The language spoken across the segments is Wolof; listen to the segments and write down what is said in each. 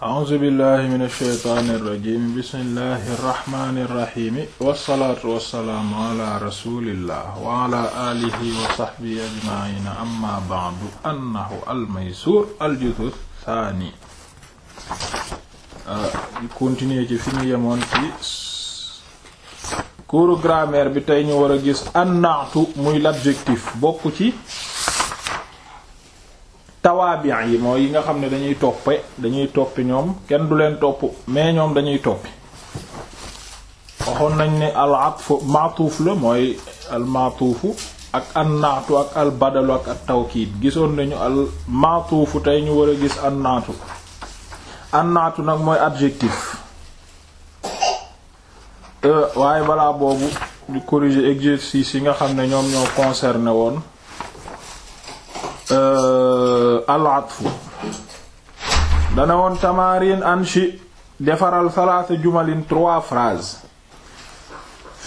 a'uuzu billahi min alsheytaani irrajim bismillahi irrahmani irrahimi wassalaatu wassalaamu ala rasulillah wa ala aalihi wa sahbihi ajmaina amma ba'du annahu almaysuur aljuzu thaani ah, continuer ci fi ñu yemoon ci cours grammaire bi tey ñu war a gis annaatu muy l'adjectif bokk ci tawaabiyan yi mooy yi nga xam ne dañuy toppe dañuy toppi ñoom kenn du leen topp mais ñoom dañuy toppi waxoon nañ ne al atf maatuuf la mooy al maatuufu ak an naatu ak al badalu ak at tawkiid gisoon nañu al maatuufu tey ñu war gis an naatu an naatu nag mooy adjectif euh, waaye balaa boobu di corriger exercice yi nga xam ne ñoom ñoo concerné woon Euh, al atfu dana woon tamarin anshi defaral salaasa jumalin trois phrases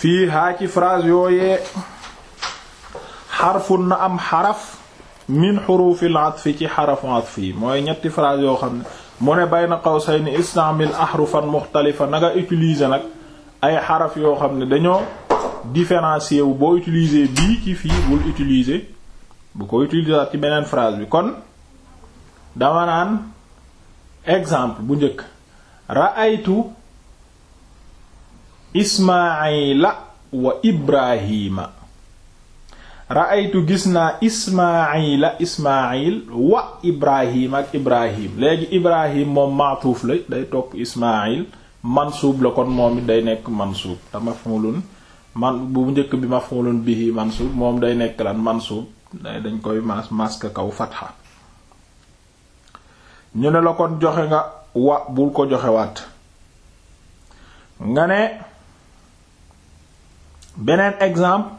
fii haa ci phrase yooyee xarfun na am xaraf min xurufil atfi ci xarafu atfi mooy ñetti phrase yoo xam ne mu ne bayna qawsayni istamil ahrufan muxtalifa na nga utiliser nag ay xaraf yoo xam ne dañoo différencier boo utiliser bii ci fii bul utiliser bu ko utiliser ci beneen phrase bi kon dama naan exemple bu njëkk ra'aytu ismaila wa ibrahima aytu gis naa ismaila ismail wa ibrahima ak ibrahim léegi ibrahim moom maatuuf la day topp ismail mansuub la kon moom it day nekk mansuub te maf'ulun man bu njëkk bi ma maf'ulun bihi mansuub moom day nekk lan mansuub day dañ koy mas masque kaw fatxa ñu ne la kon joxe nga wa bul ko joxewaat nga ne beneen exemple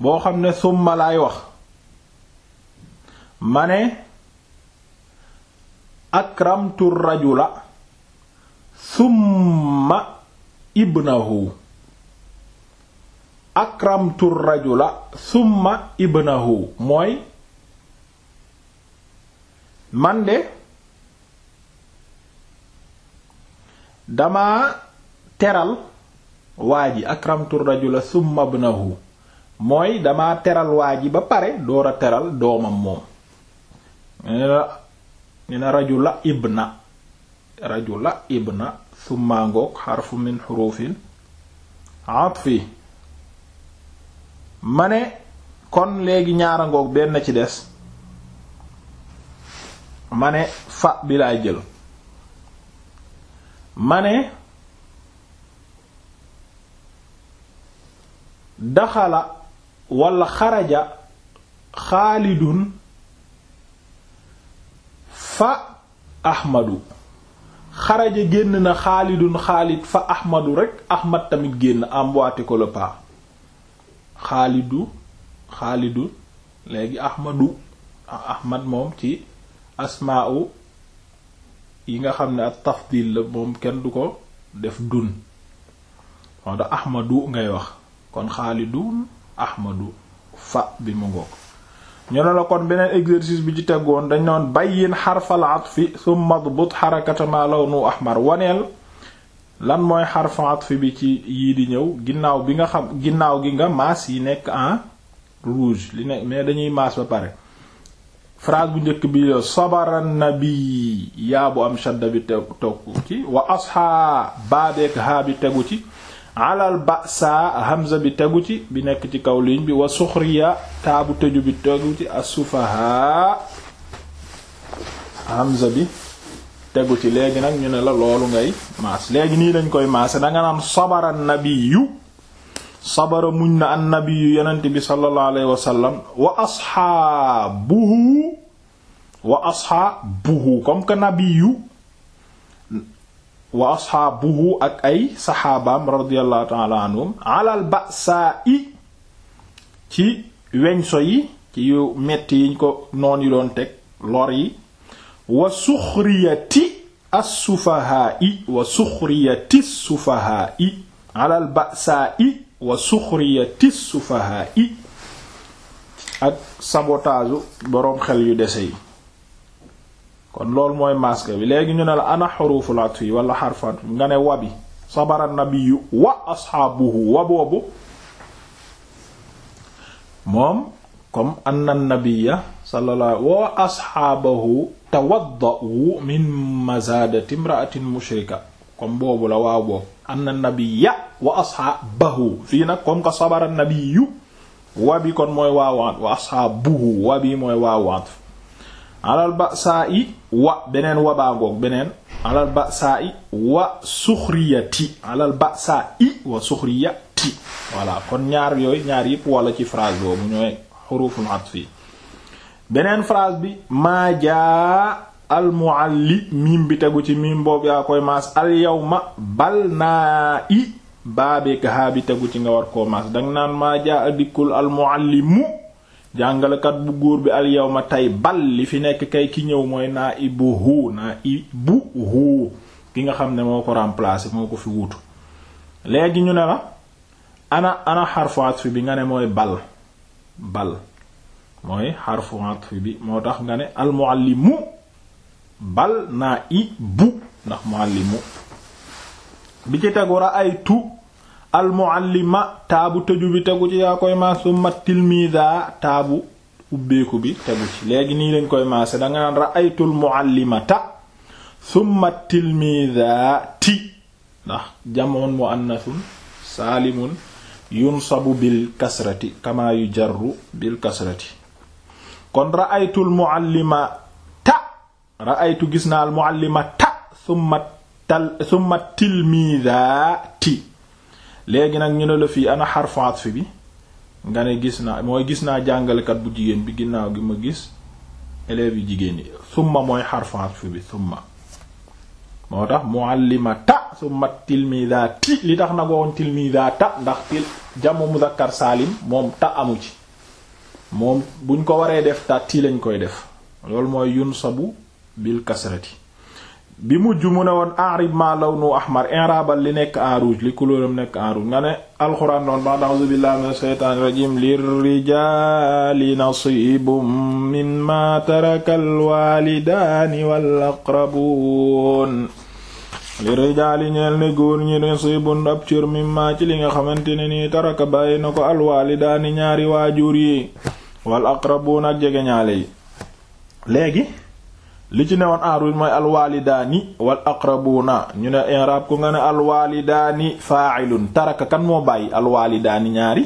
boo xam ne summa laay wax ma ne ak raju akramtu rajula summa ibnahu akramtu la summa ibnahu mooy dama teral waa ji akramtu rajula summa ibnahu mooy dama teral waa ji ba pare door teral doomam moom ne na rajula ibna rajula ibna summa ngoog xarfu min xurufin atfi mane kon léegi ñaara ngoog benn ci des mane ne fa bi laay jël mane daxala walla xaraja xaalidun fa ahmadu xaraja génn na xaalidun xaalid fa ahmadu rekk ahmad tamit génn emboîté ko le xaalidu xaalidu léegi ahmadu ahmad moom ci asmaa'u yi nga xam ne ak tafdil la moom kenn du ko def dun moo tax ahmadu ngay wax kon xaalidun ahmadu fa bi mu ko ñoo ne la kon beneen exercice bi ci teggoon dañ noon bayyin xarfal atfi thumma adbut xarakata ma ahmar waneel lan mooy xarfu atf bi ci yii di ñëw ginnaaw bi nga xam ginnaaw gi nga maas yi nekk en rouge li ne mais dañuy maas ba pare phrase bu njëkk bi sabara nabi yaa bu am shadda bi tegu ci wa asxaa baabeek haa bi tegu ci alal ba'sa hamza bi tegu ci bi nekk ci kaw ligne bi wa suxriya taabu tëju bi tegu ci asufaha hamza bi tegu ci léegi nag ñu ne la loolu ngay maas léegi nii lañ koy maase danga naan sabara nabiyu sabara muñ na an nabiyu yonent bi sallallahu alayhi wa sallam wa asxaabuhu wa asxaabuhu comme que nabiyu wa asxaabuhu ak ay saxaabaam radiyallahu ta'ala anhum alal ba'saa i ci weñso yi ci yu metti yiñ ko noon yi doon teg lor yi wa suxriyati as-sufaha'i wa suxriyati al-ba'sa'i wa ak sabotage boroom xel yu dese yi kon loolu mooy masque bi léegi ñu ne la ana xaruful atfi wala xarfaat nga ne wabi sabara nabiyu wa asxaabuhu wa boobu moom comme anna nabiyya sallallahu wa asxaabahu yatawaddau min mazaadati imra'atin mushrika comme boobu la waaw boobu anna nabiyya wa asxaabahu fii nag comme que sabara nabiyyu wa bi kon mooy waawaat wa asxaabuhu wa bi mooy waawaat alal ba'saa i wa beneen wa baa ngoog wa suxriyati alal ba'saa kon ñaar yooyu ñaar yëpp wala ci phrase boobu ñooy xuruful atfi beneen phrase bi maa jaa almualli miim bi tegu ci miim boobu yaa koy maas al yawma bal naa i baabeek haa bi tegu ci nga war koo maas danga naan maa jaa a dikkul almuallimu jàngalekat bu góor bi al ma tey bal li fi nekk kay ki ñëw mooy naa i bu huu naa i bu huu ki nga xam ne moo ko remplacer moo ko fi wuutu léegi ñu ne la ana ana xarfaat fi bi nga ne mooy bal bal mooy xarfu atf bi moo tax nga ne al muallimu bal naa i bu ndax muallimu bi ci tegu ra'aytu al taabu tëju bi tegu ci yaa koy maas summa tilmida taabu ubbeeku bi tegu ci léegi nii lañ koy maase danga naan ra'aytul muallimata summa tilmidaati ndax jamoon muannathun saalimun yunsabu bil kasrati kama yujarru bil kasrati kon ra'aytu almuallima ta ra'aytu gis naa almuallima ta summa tal summa tilmiida ti léegi nag ñu ne la fii ana xarfu atf bi nga ne gis naa mooy gis naa jàngalekat bu jigéen bi ginnaaw gi ma gis élèves yu jigéen yi summa mooy xarfu atf bi summa moo tax muallima ta summa tilmiida ti li tax nag woon tilmiida ta ndax til jamu muzakkar saalim moom ta amu ci moom buñ ko waree def tàtti lañ koy def loolu mooy yun yunsabu bil kasrati bi mujj mu ne woon arib ma lawnu ahmar inraabal li nekk en rouge li couleuram nekk en rouge nga ne alxuraan noonu ba a'uuzu billahi minash shaytaanir rajiim lirrijaali nasiibum mimma tarakal li nga xamante ne nii taraka bàyyi na ko alwaalidaani ñaari waajur yi wal aqrabuuna ak jegeñaale yi léegi lu ci newoon en rouge mooy alwaalidaani wal aqrabuuna ñu ne i'raab ko nga ne alwaalidaani faa'ilun taraka kan moo bàyyi alwaalidaani ñaari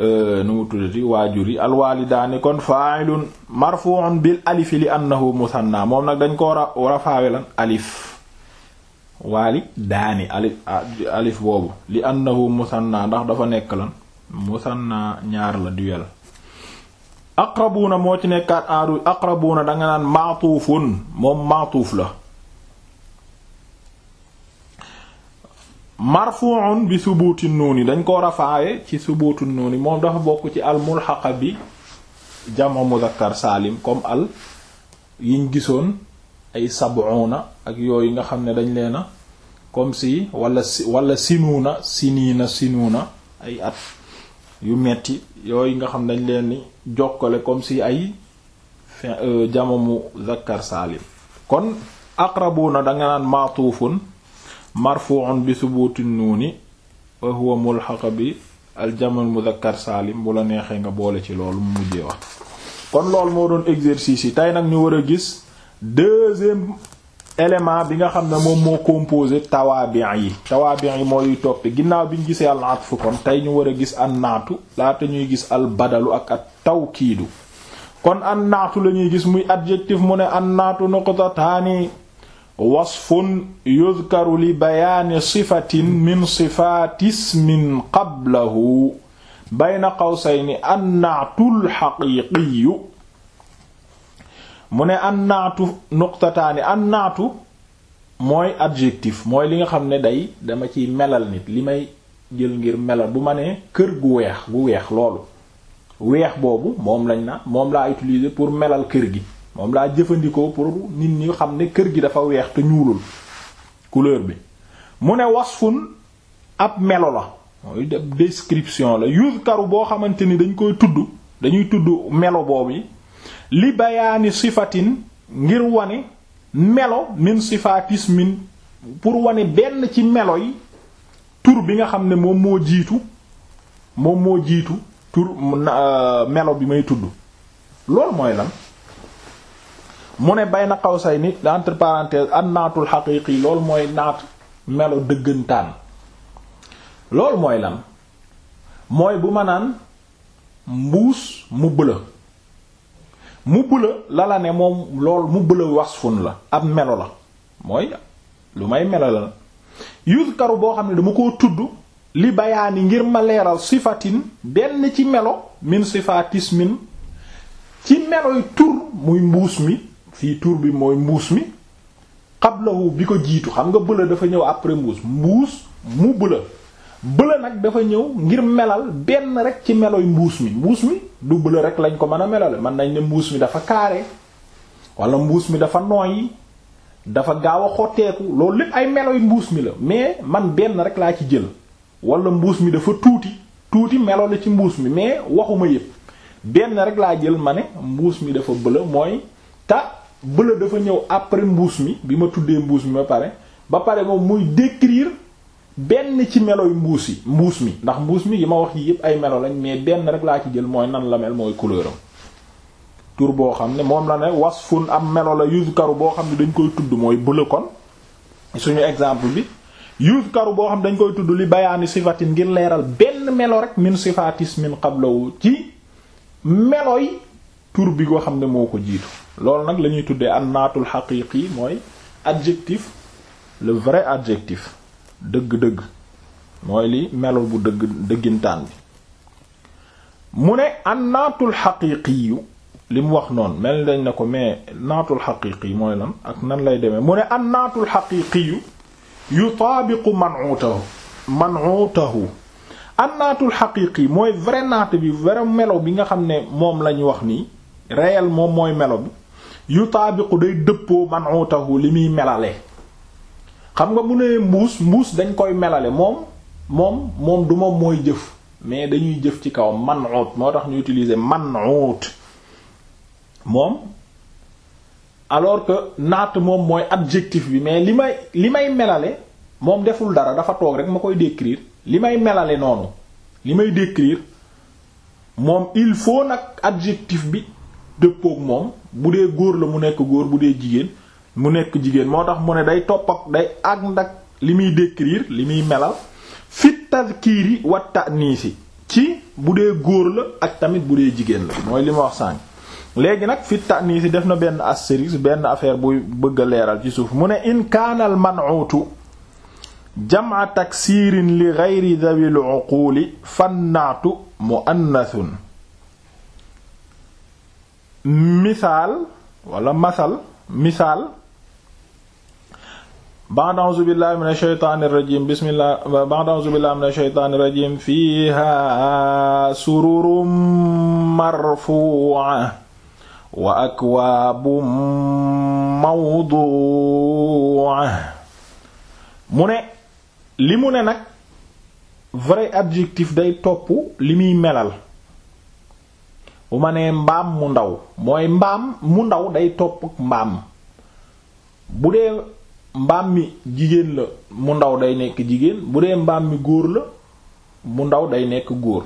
euh, nu mu tuddati waajur yi alwaalidaani kon faa'ilun marfu'un bil alifi li annahu nag dañ ko rafaawe lan alif waalidaani alif alif boobu li annahu musanna ndax dafa nekk lan musanna ñaar la duel aqrabuuna moo ci nekkaat aadu aqrabuuna danga naan maatuufun moom maatuuf la marfu'un bi subuuti nuuni dañ ko rafaawe ci subuuti nuuni moo dafa bokk ci al mulhaqa bi jamu muzakkar saalim comme al yiñ gisoon ay sab'una ak yooyu nga xam ne dañ leena comme si wala si wala sinuuna siniina sinuuna ay at yu metti yooyu nga xam dañ leen ni jokkale comme si ay euh, mu zakkar saalim kon na danga naan maatuufun marfu'un bi subuuti nuuni wa huwa mulhaqa bi al aljamal muzakkar saalim bu la neexee nga boole ci loolu mu mujjee wax kon loolu moo doon exercice yi tey nag ñu war a gis deuxième élément bi nga xam ne moom moo composé tawaabiin yi tawaabiin yi mooy topp ginnaaw bi ñu gisee al atfu kon tey ñu war a gis an naatu laata ñuy gis al badalu ak at tawkiidu kon an naatu la gis muy adjectif mu ne an naatu nuqtataani wasfun yuzkaru li bayaani sifatin min sifatismin qablahu bayna qawsayni an naatul xaqiiqiyu mu ne an naatu nuqtataani an naatu mooy adjectif mooy li nga xam ne day dama ci melal nit li may jël ngir melal bu ma nee kër gu weex gu weex loolu weex boobu moom lañ na moom laa utiliser pour melal kër gi moom laa jëfandikoo pour nit ñi xam ne kër gi dafa weex te ñuulul couleur bi mu ne fun ab melo la mooy description la karu boo xamante ni dañ koy tudd dañuy tudd melo boobu li bayaani sifatin ngir wane melo min sifatis min pour wane benn ci melo yi tur bi nga xam ne moom moo jiitu moom moo jiitu tur euh, melo bi may tudd loolu mooy lan mu ne bay na xaw qawsayni entre parenthèses at naatul xaqiiqi lool mooy naat melo dëggantaan loolu mooy lan mooy bu ma naan mbuus mu bëla mu bëla la ne moom lool mu bëla wasfun la ab melo la mooy lu may melo la yuzkaru boo xam ne dama koo tudd li bayaani ngir ma leeral sifatin benn ci melo min sifatis min ci meloy tur muy mbuus mi fii tur bi mooy mbuus mi qablahu bi ko jiitu xam nga bëla dafa ñëw après mbuus mbuus mu bula bële nag dafa ñëw ngir melal benn rek ci meloy mbuus mi mbuus mi du bële rek lañ ko man a melale man nañ ne mbuus mi dafa kaare wala mbuus mi dafa nooy dafa gaaw a xotteeku loolu lépp ay meloy mbuus mi la mais man benn rek laa ci jël wala mbuus mi dafa tuuti tuuti melo la ci mbuus mi mais waxuma yépp benn rek laa jël ma ne mbuus mi dafa bële mooy ta bële dafa ñëw après mbuus mi bi ma tuddee mbuus mi ba pare ba pare moom muy décrire benn ci meloy mbuus yi mbuus mi ndax mbuus mi yi ma wax yi yépp ay melo lañ mais benn rek laa ci jël mooy nan la mel mooy couleur am tur boo xam ne moom la ne fun am melo la yuzkaru boo xam ne dañ koy tudd mooy bleu kon suñu exemple bi yuzkaru boo xam dañ koy tudd li bayaani sifatin ngir leeral benn melo rek min sifatis min qablawu ci meloy tur bi koo xam ne moo ko jiitu loolu nag la ñuy tuddee an naatul xaqiiqi mooy adjectif le vrai adjectif dëgg-dëgg mooy li melo bu dëgg dëggintaan bi mu ne an naatul xaqiiqiyu li mu wax noonu mel dañ ne ko mais naatul xaqiiqi mooy lan ak nan lay demee mu ne an naatul xaqiiqiyu yutaabiqu man'utahu man'utahu an naatul xaqiiqi mooy vrai naat bi vrai melo bi nga xam ne moom lañu wax nii réel moom mooy melo bi yutaabiqu day dëppoo man'utahu li muy melale xam nga mu nee mbuus mbuus dañ koy melale moom moom moom du moom mooy jëf mais dañuy jëf ci kaw man'ut moo tax ñu utiliser man'ut moom alors que naat moom mooy adjectif bi mais li may li may melale moom deful dara dafa toog rek ma koy décrire li may melale noonu li may décrire moom il faut nag adjectif bi dëppook moom bu dee góor la mu nekk góor bu dee jigéen mu nekk jigéen moo tax mu ne day topp ak day ànd ak li muy décrire li muy melal fit tazkiri wa ta'nisi ci bu dee góor la ak tamit bu dee jigéen la mooy li wax sànq léegi nag fit ta'nisi def na benn astérisque benn affaire buy bëgg a leeral ci suuf mu ne in kaana al man'utu jam'a taksirin li ghayri dhawil uquli fannaatu mu muannathun misaal walla masal misaal ba'd a'uuzu billaahi mina shaytaani rajiim bismillaah ba'd a'uuzu billaahi mina shaytaani rajiim fiihaa sururun marfuu'a wa akwaabun mawduu'a mu ne li mu ne nag vrai adjectif day topp li muy melal bu ma nee mbaam mu ndaw mooy mbaam mu ndaw day topp mbaam bu dee mbaam mi jigéen la mu ndaw day nekk jigéen bu dee mbaam mi góor la mu ndaw day nekk góor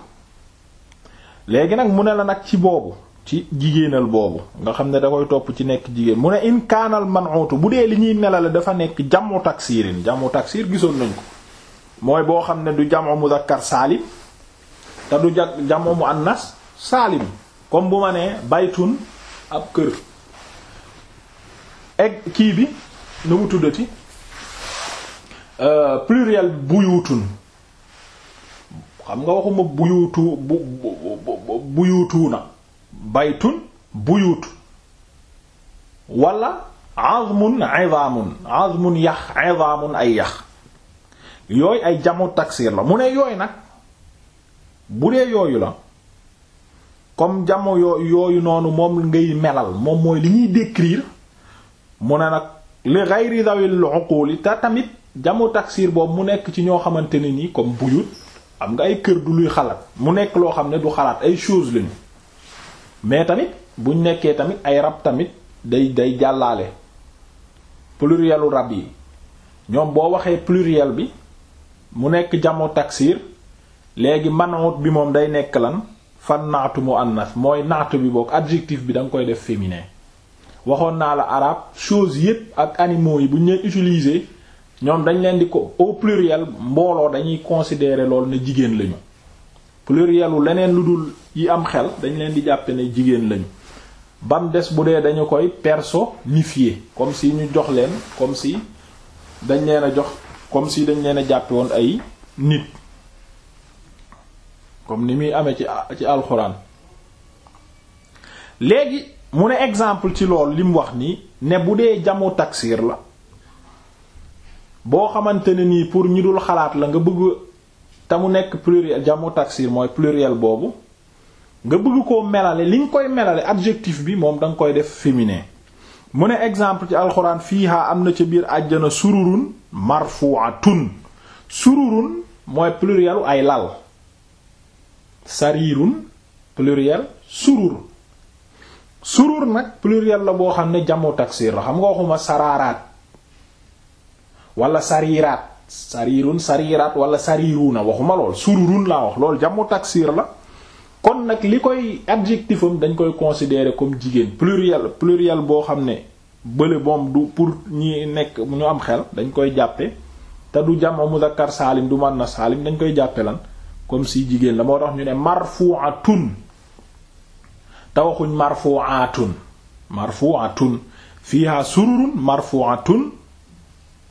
léegi nag mu ne la nag ci boobu ci jigéenal boobu nga xam ne da koy topp ci nekk jigéen mu ne in kaanal man'utu bu dee li ñuy nelale dafa nekk jamu taksirin jamu taksir gisoon nañ ko mooy boo xam ne du jamu muzakkar saalim te du jag jamu muannas saalim comme bu ma nee baytun ab kër egg kii bi na mu tuddati euh, pluriel buyutun xam nga waxuma buyutu bu buyutuna baytun buyut wala azmun izamun azmun yax izamun ay yax yooyu ay jamu taksir la mu ne yooyu nag bu dee yooyu la comme jamu yooyu noonu moom ngay melal moom mooy li ñuy décrire mu ne nag li ghayri dawil uquli te tamit jamo taksir boobu mu nekk ci ñoo xamante ne nii comme buyut am nga ay kër du luy xalaat mu nekk loo xam ne du xalaat ay choses lañu mais tamit buñ nekkee tamit ay rab tamit day day jàllaale plurielu rab yi ñoom boo waxee pluriel bi mu nekk jamo taksir léegi manut bi moom day nekk lan fan naatu mu annas mooy naatu bi boog adjectif bi da nga koy def féminin waxoon naa la arabe chose yépp ak animo yi bu ñu leen utiliser ñoom dañ leen di ko au pluriel mbooloo dañuy considérer lool ne jigéen lañu plurielu leneen lu dul yi am xel dañ leen di jàppe ne jigéen lañu bam des bu dee dañu koy perso personnifier comme si ñu jox leen comme si dañ leen a jox comme si dañ leen a jàppe woon ay nit comme ni muy amee ci ci alxuraan léegi mu ne exemple ci loolu li mu wax nii ne bu dee jamu taksiir la boo xamante ne nii pour ñu dul xalaat la nga bëgg te mu nekk pluriel jamu taksiir mooy pluriel boobu nga bëgg ko melale li nga koy melale adjectif bi moom da koy def féminin mu ne exemple ci alxuraan fiihaa am na ca biir àjjana sururun marfu'atun sururun mooy plurielu ay lal sariirun pluriel surur surur nag pluriel la boo xam ne jamu taksir la xam nga waxuma saraaraat wala sariiraat sariirun sariiraat wala sariiruna waxuma lool sururun laa wax lool jamu taksir la kon nag li koy adjectif am dañ koy considérer comme jigéen pluriel pluriel boo xam ne bële boom du pour ñi nekk ñu am xel dañ koy jàppe te du jamo muzakkar saalim du man na saalim dañ koy jàppe lan comme si jigéen la moo tax ñu ne marfu'atun te waxuñ marfu'atun marfu'atun fiiha sururun marfu'atun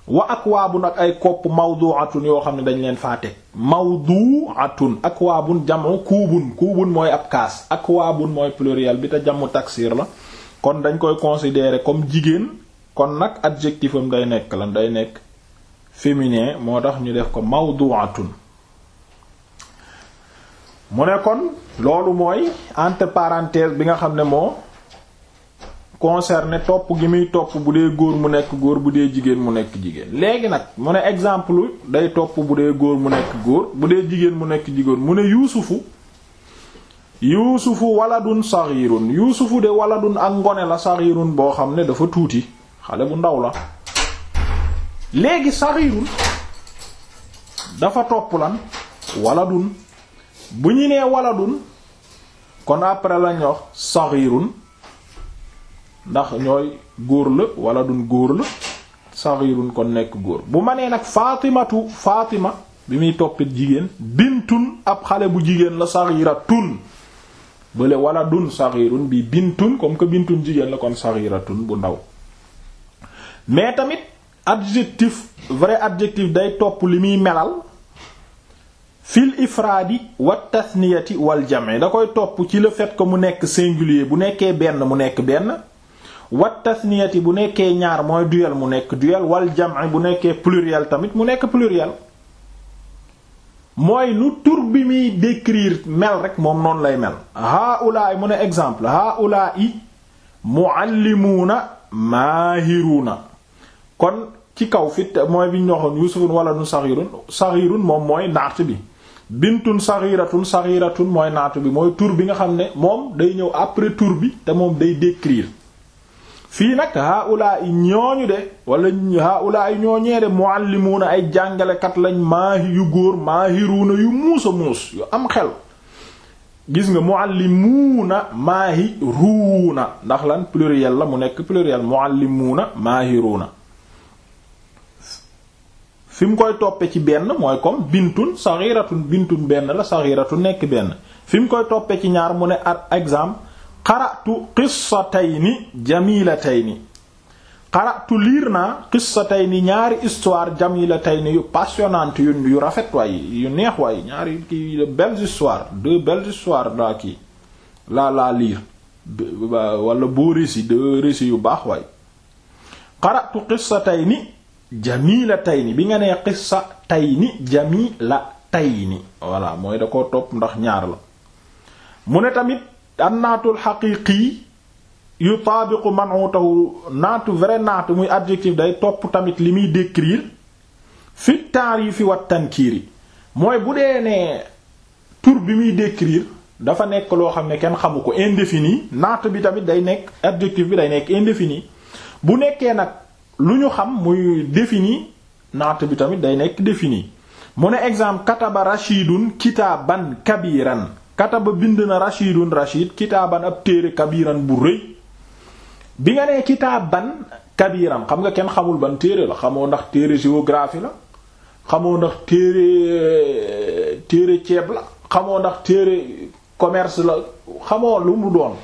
wa bu ak ay kopp mawdu'atun yoo xam ne dañ leen faate du faa teg mawdu'atun akwaabun jam'u kuubun kuubun mooy ab kaas ak akwaabun mooy pluriel bi te jam'u taksir la kon dañ koy considérer comme jigéen kon nag adjectif am day nekk lan day nekk féminin moo tax ñu def ko mawdu'atun mu ne kon loolu mooy entre parenthèse bi nga xam ne moo concerné topp gi muy topp bu dee góor mu nekk góor bu dee jigéen mu nekk jigéen léegi nag mu ne exemple day topp bu dee góor mu nekk góor bu dee jigéen mu nekk jigéen mu ne yuusufu yuusufu waladun saghirun yuusufu de waladun ak ngone la saghirun boo xam ne dafa tuuti xale bu ndaw la léegi saghirun dafa topp lan waladun bu ñu nee waladun kon après lañ wax saghirun ndax ñooy góor la waladun góor la saghirun kon nekk góor bu ma nee nag faatimatu faatima bi muy toppit jigéen bintun ab xale bu jigéen la saghiratun bële waladun saghirun bi bintun comme que bintun jigéen la kon saghiratun bu ndaw mais tamit adjectif vrai adjectif day topp li muy melal fil ifraadi wa tasniyati wal jami da koy topp ci le fet ko mu nekk singulier bu nekkee benn mu nekk benn wat tasniyati bu nekkee ñaar mooy duel mu nekk duel wal jami bu nekkee pluriel tamit mu nekk pluriel mooy nu tur bi muy décrire mel rek moom noonu lay mel haulaay mu ne exemple haulaay muallimuuna maahiruuna kon ci kaw fit mooy bi ñu waxoon yusufun wala nu saxirun saxirun moom mooy naat bi bintun saxiratun saxiratun mooy naatu bi mooy tur bi nga xam ne moom day ñëw après tur bi te moom day décrire fii nag haula i ñooñu de wala haula i ñooñee de muallimuuna ay jàngalekat lañ maahi yu góor ruuna yu muus a muus yu am xel gis nga muallimuuna maahiruuna ndax lan pluriel la mu nekk pluriel muallimuuna maahiruuna fi mu koy toppe ci benn mooy comme bintun saxiratun bintun benn la saxiratu nekk benn fi mu koy toppe ci ñaar mu ne at exemple xaratu qissatayni jamilatayni xaratu liir naa ni ñaari histoire jamilatayni yu passionnante yu yu rafet waaye yu neex waaye ñaari kii belles histoires deux belles histoires laa laa laa liir wala boo récit deux récits yu baax waaye xaratu qissatayni la tay ni bi nga nee qissa tay ni jamila tay ni voilà mooy da ko topp ndax ñaar la mu ne tamit an naatul xaqiqi yu taabiqu manutahu naatu vrai naatu muy adjectif day topp tamit li muy décrire fi taarifi wa tankiiri mooy bu dee ne tur bi muy décrire dafa nekk loo xam ne kenn xamu ko indéfini naatu bi tamit day nekk adjectif bi day nekk indéfini bu nekkee nag lu ñu xam muy defini naat bi tamit day nekk defini mu ne exemple kataba rashidun kitaaban kabiran kataba bind na rashidun rashid kitaaban ab téere kabiran bu rëy bi nga nee kitaaban kabiran xam nga kenn xamul ban téere la xamoo ndax téere géographie la xamoo ndax téere téere ceeb la xamoo ndax téere commerce la xamoo lu mu doon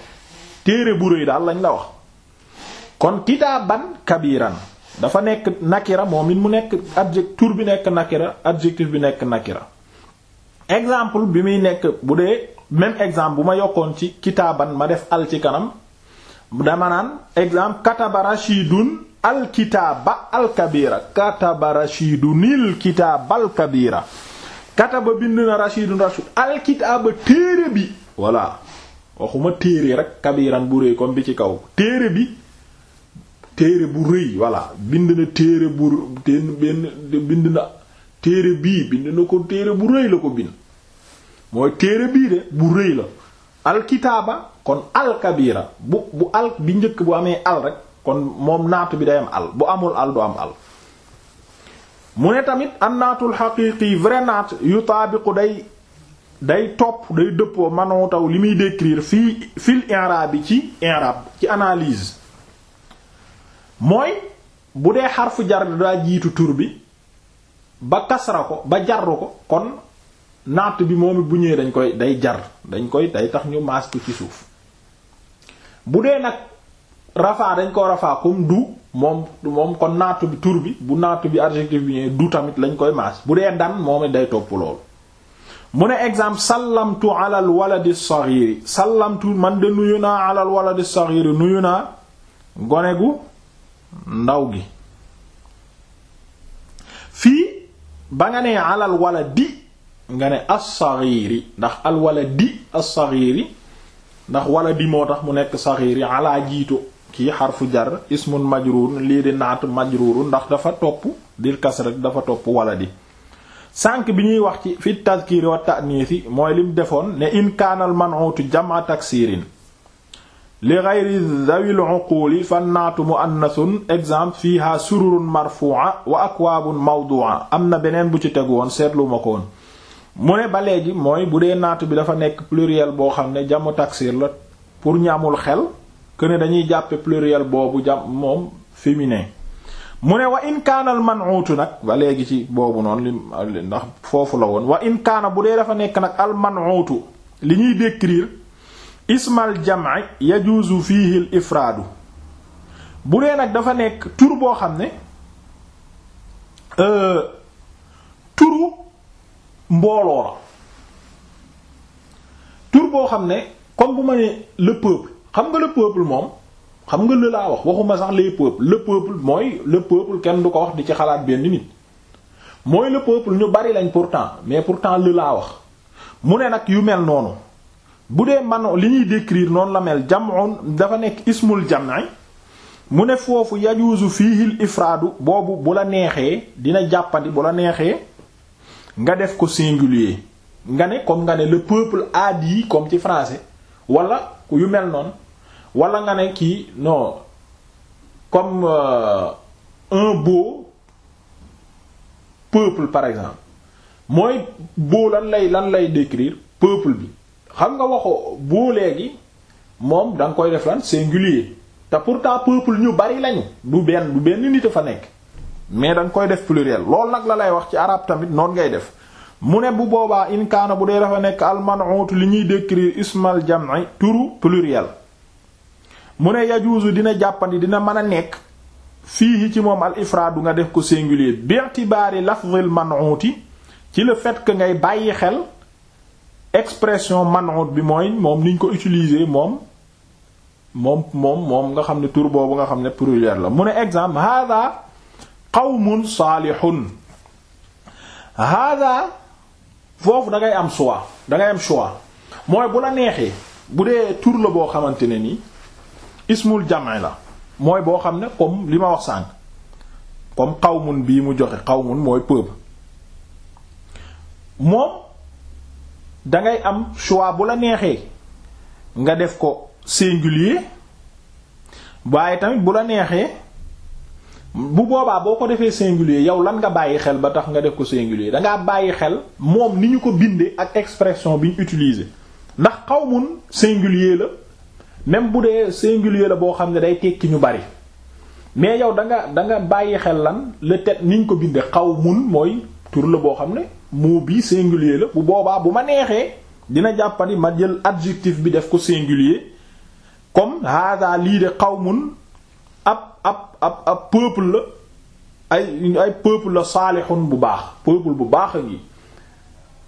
téere bu rëy daal lañ la wax kon kitaaban kabiran dafa nekk nakira moom it mu nekk adjectif bi nekk nakira adjectif bi nekk nakira exemple bi muy nekk bu dee même exemple bu ma yokkoon ci kitaaban ma def al ci kanam dama naan exemple kataba rashidun alkitaaba alkabira kataba rashidunil kitaabal kabira kataba bind na rashidun rashid alkitaaba téere bi voilà waxuma téere rek kabiran bu rëy comme bi ci kaw téere bi téere bu rëy voilà bind na téere bu benn bind na téere bii bind na ko téere bu rëy la ko bind mooy téere bii de bu rëy la alkitaaba kon alkabira bu bu bi njëkk bu amee al rek kon moom naatu bi day am al bu amul al du am al mu ne tamit an naatul xaqiiqi vrai naat yu taabiqu day day topp day dëppoo manoo taw li muy décrire fii fil i'rab bi ci i'rab ci analyse mooy bu dee xarfu jar bi daa jiitu tur bi ba kasra ko ba jarru ko kon naatu bi moom it bu ñëwee dañ koy day jar dañ koy day tax ñu maas ko ci suuf bu dee nag rafaa dañ ko rafaa comme du moom kon naatu bi tur bi bu naatu bi adjectif bi ñëwee du tamit lañ koy maas bu dee dan moom it day topp loolu mu ne exemple sallamtu alal waladi saghiri sallamtu man de nuyu naa alal waladi yi nuyu naa gone gu ndaw gi fii ba nga nee alal wala di nga ne as ndax al walla di as ndax wala di moo tax mu nekk saghiri alaa jiitu kii xarfu jar ismun majrurun lii di naat majrurun ndax dafa topp dil kas rek dafa topp wala di sànq bi ñuy wax ci fi tazkiri wa ta'nisi mooy lim defoon ne in kaanal man'utu jam'a taksirin li geyri zawil uquuli fannaatu muannasun exemple fiiha sururun marfu'a wa akwaabun mawdu'a am na beneen bu ci teg woon seetlu ma ko woon mu ne ba léegi mooy bu dee naatu bi dafa nekk pluriel boo xam ne jamu taksir la pour ñu xel que ne jàppe pluriel boobu jam moom féminin mu ne wa in kaana al man'uutu nag ba léegi ci boobu noonu li ndax foofu la woon wa in kaana bu dee dafa nekk nag al man'uutu li ñuy décrire ismal jam'i yajuuzu fiihi al ifraadu bu dee nag dafa nekk tur boo xam ne euh, turu mbooloo la tur boo xam ne comme bu ma ne le xam nga le moom xam nga lë laa wax waxuma sax les peuples mooy le kenn du ko wax di ci xalaat benn nit mooy le peuple ñu bari lañ pourtant mais pourtant lë laa wax mu ne nag yu mel noonu bu dee mano li ñuy décrire noonu la mel jam'un dafa nekk ismul jam'i mu ne foofu yajuuzu fiihi l ifraadu boobu bu la neexee dina jàppandi bu la neexee nga def ko singulier nga ne comme nga ne le peuple a comme ci français wala yu mel noonu wala nga ne kii non comme euh, un beau peuple par exemple mooy beau lan lay lan lay décrire peuple bi xam nga waxo boo léegi moom da koy def lan singulier te pourtant peuple ñu bari lañu du benn du benn nit a fa nekk mais da koy def pluriel lool nag la lay wax ci arab tamit noonu ngay def mu ne bu boobaa in bu dee dafa nekk almanut li ñuy décrire ismal jam'i turu pluriel mu ne yajuuzu dina jàppandi dina mën a nekk fii yi ci moom al ifraadu nga def ko yi bi'tibari lafdhil man'uti ci le fait que ngay bàyyi xel expression man'ut bi mooy moom niñ ko utiliser moom moom moom moom nga xam ne tur boobu nga xam ne pluriel la mu ne exemple hada qawmun saalihun hada foofu da ngay am choix dangay am choix mooy bu la neexee bu dee tur la boo xamante ne nii ismul jam'i la mooy boo xam ne comme li ma wax sànq comme qawmun bii mu joxe qawmun mooy peuple moom dangay am choix bu la neexee nga def ko singulier waaye tamit bu la neexee bu boobaa boo ko defee singulier yow lan nga bàyyi xel ba tax nga def ko singulier dangaa bàyyi xel moom ni ñu ko bindee ak expression bi ñu utiliser ndax qawmun singulier la même bu dee singulier la boo xam ne day tekki ñu bari mais yow danga danga bàyyi xel lan le tet ni ñu ko bindee xaw qawmun mooy tur la boo xam ne mot bi singulier la bu boobaa bu ma neexee dina jàppani ma jël adjectif bi def ko singulier comme hada lii de xaw ab ab ab ab peuple la ay ay peuple la saalihun bu baax peuple bu baax a ngi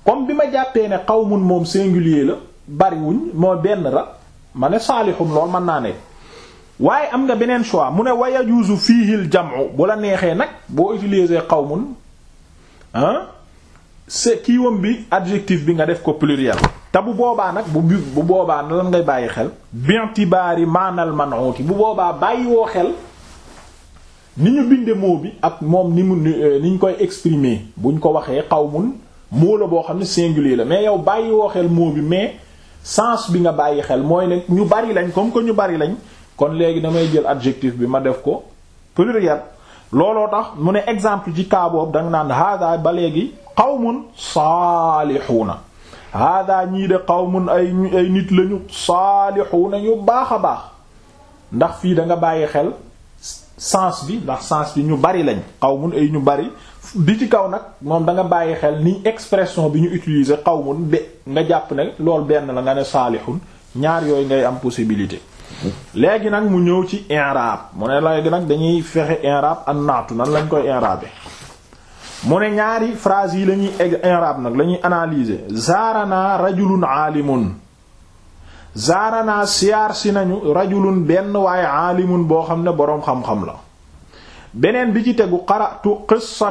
comme bi ma jàppee ne xaw qawmun moom singulier la bariwuñ moo benn ra ma ne saalihun lool mën naa ne waaye am nga beneen choix mu ne wayajuusu fiihil jam'u bu la neexee nag boo utiliser qawmun ah c'est kiiwam bi adjectif bi nga def ko pluriel te bu boobaa nag bu bu boobaa na la ngay bàyyi xel bintibaari maanal man'uti bu boobaa bàyyi woo xel ni ñu binde mot bi ak moom ni mu euh, ni ñu koy exprimer buñ ko waxee qawmun mot la boo xam ne singulier la mais yow bàyyi woo xel moo bi mais sens bi nga bàyyi xel mooy ne ñu bari lañ comme que ñu bari lañ kon léegi damay jël adjectif bi ma def ko pluriel looloo tax mu ne exemple ci cas boobu danga naan hada ba léegi qawmun na hada ñii de qawmun ay ay nit lañu saalixuuna ñu baax a baax ndax fii da nga bàyyi xel sens bi ndax sens bi ñu bari lañ qawmun ay ñu bari di ci kaw nag moom da nga bàyyi xel ni expression bi ñu utiliser qawmun be nga jàpp ne loolu benn la nga ne saalixun ñaar yooyu ngay am possibilité léegi nag mu ñëw ci i'rab mu ne léegi nag dañuy fexe i'rab an naatu nan lañ koy i'rabe mu ne ñaari phrase yi la ñuy i'rab nag la ñuy analyser zaarana rajulun zara zaarana siyaar si nañu rajulun benn waaye aalimun boo xam ne boroom xam-xam la beneen bi ci tegu qara'tu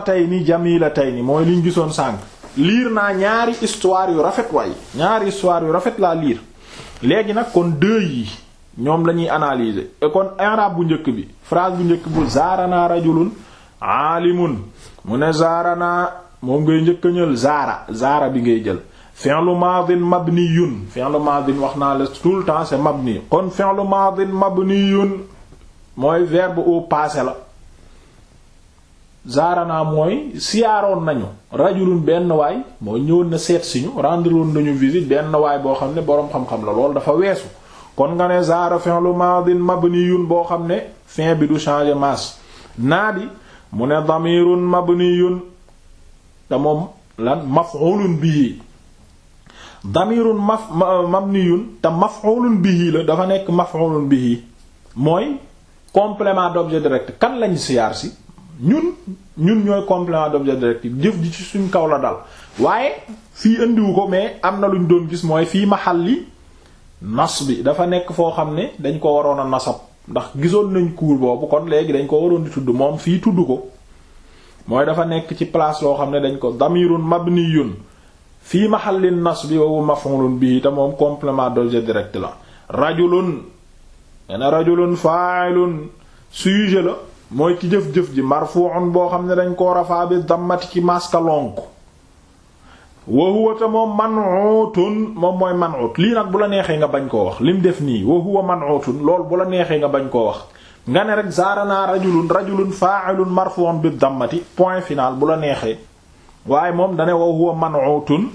tey jamilatayni mooy liñ gisoon sànq liir naa ñaari histoire yu rafet waaye ñaari histoire yu rafet laa liir léegi nag kon deux yi ñoom lañuy ñuy analyser kon i'rab bu njëkk bi phrase bu njëkk bu zaarana rajulun aalimun mu ne zaara naa moom ngay njëkk a ñël zaara zaara bi ngay jël fi'lu maadin mabniyun fi'lu maadin wax naa la tout le temps c'est mabni kon fi'lu maadin mabniyun mooy verbe au passé la zaara naa mooy siyaaroon nañu rajulun benn waay mooy ñëwoon na seet si ñu rendre woon nañu visite benn waay boo xam ne boroom xam-xam la loolu dafa weesu kon nga ne zaara fi'lu maadin mabniyun boo xam ne fin bi du changer maas naa bi mu ne damirun mabniyun te moom lan maf'ulun bihi damirun maf mabniyun te maf'ulun bihi la dafa nekk maf'ulun bihi mooy complément d'objet direct kan lañ siyaar si ñun ñun ñooy complément d'objet direct jëf ji ci suñ kaw la dal waaye fii indiwu ko mais am na lu luñ doon gis mooy fii li nas bi dafa nekk foo xam ne dañ ko waroon a nasab ndax gisoon nañ cours boobu kon léegi dañ ko waroon di tudd moom fii tudd ko mooy dafa nekk ci place yoo xam ne dañ ko damirun mabniyun fii ma mahallin bi wa maf'ulun bihi te moom complément d'objet direct la rajulun yana rajulun fa'ilun sujet la mooy ki jëf-jëf ji marfu'un boo xam ne dañ ko rafaa bi dammati ci maska lonku wa huwa man moom man'utun moom mooy man'ut lii nag bu la neexee nga bañ koo wax lim def nii wa huwa man'utun loolu bu la neexee nga bañ koo wax nga ne rek zaarana rajulun rajulun fa'ilun marfu'un bi dammati point final bu la neexee waaye moom dane wa huwa man'utun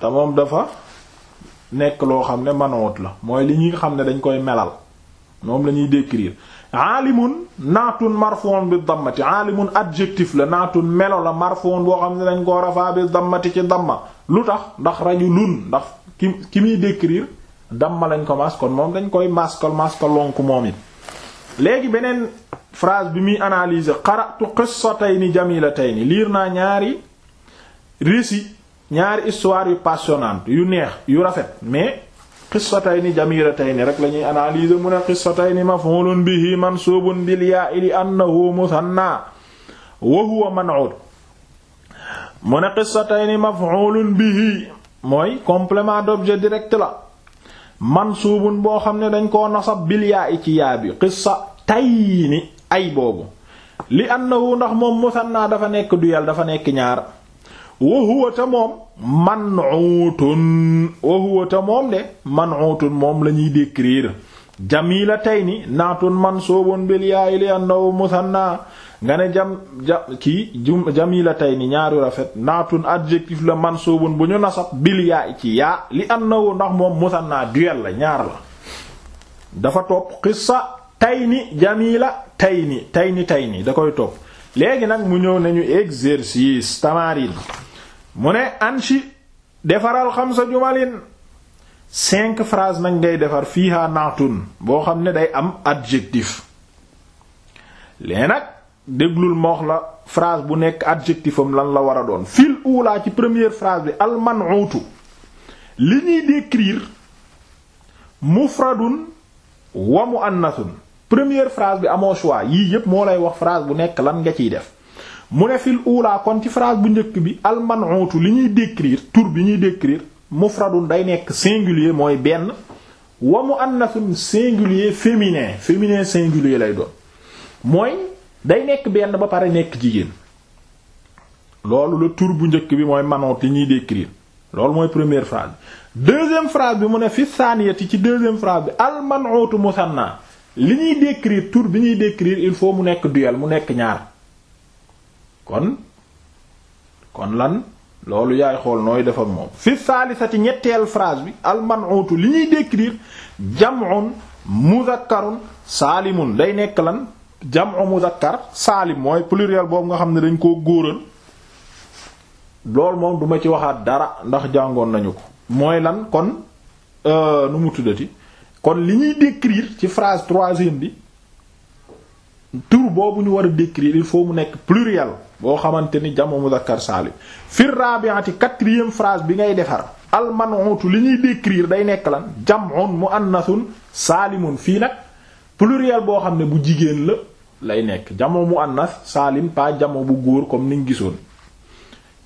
te moom dafa nekk loo xam ne man'ut la mooy li ñuy xam ne dañ koy melal moom la ñuy décrire aalimun naatun marfuun bi dammati aalimun adjectif la naatun melo la marfuun boo xam ne dañ koo rafaa bi dammati ci damma lu tax ndax rajulun ndax ki ki muy décrire damma lañ ko maskon moom dañ koy maskal maskalonk moom it léegi beneen phrase bi muy analyser qara'tu qissatayni jamilatayni liir naa ñaari récit ñaari histoire yu passionnante yu neex yu rafet mais qissatayni jamiratayni rek la ñuy analyser mu ne qissatayni maf'ulun bihi mansubun bil ya'i li annahu muthanna wa huwa man'ud mu ne qissatayni maf'ulun bihi mooy complément d'objet direct la mansuubun boo xam ne dañ koo nasab bil ya'i ci yaa bi qissatayni ay boobu li annahu ndax moom muthanna dafa nekk duyal dafa nekk ñaar wa huwa moom man wa huwa ta moom de man'utun moom la ñuy décrire jamila tey ni naatun mansuubun bil yaayi li annahu musanna nga ne jam ja kii jamila tey ni ñaari rafet naatun adjectif la mansuubun bu ñu nasab bil yaay ci yaa li annahu ndax moom musanna duel la ñaar la dafa topp qissa tey ni jamila tey ni tey ni tey ni da koy topp léegi nag mu ñëw nañu exercice tamarin mu ne anchi defaral xam xamsa jumalin cinq frase nag ngay defar fiiha naatun boo xam ne day am adjectif lee nag déglul moox la phrase bu nekk adjectifam lan la war a doon fil uulaa ci première phrase bi almanuutu li ñuy décrire mufradun wa muannasun première phrase bi amoo choix yii yépp moo lay wax frase bu nekk lan nga ciy def mu ne fil uulaa kon ci phrase bu njëkk bi almanuutu li ñuy décrire tur bi ñuy décrire mufradun day nekk singulier mooy benn wa muannathun singulier féminin féminin singulier lay doon mooy day nekk benn ba pare nekk jigéen loolu la tur bu njëkk bi mooy manuut li ñuy décrire loolu mooy première phrase bi deuxième phrase bi mu ne fi saaniyati ci deuxième phrase bi almanuutu musanna li ñuy décrire tur bi ñuy décrire il faut mu nekk duel mu nekk ñaar kon kon lan loolu yaay xool nooy def moom fi saalisati ñetteel phrase bi almanuutu li ñuy décrire jam'un mudhakkarun saalimun day nekk lan jam'u mudhakkar saalim mooy pluriel boobu nga xam ne dañ ko góoral loolu moom duma ci waxaat dara ndax jàngoon nañu ko mooy lan kon euh, nu mu tuddati kon li ñuy décrire ci phrase troisième bi tur boobu ñu war a décrire il faut mu nekk pluriel boo xamante ni jamu muzakkar saalim fi rabi'ati quatrième phrase bi ngay defar al man'ut li ñuy décrire day nekk lan jam'un muannathun saalimun fii nag pluriel boo xam ne bu jigéen la lay nekk jamu muannath saalim pas jamu bu góor comme niñ gisoon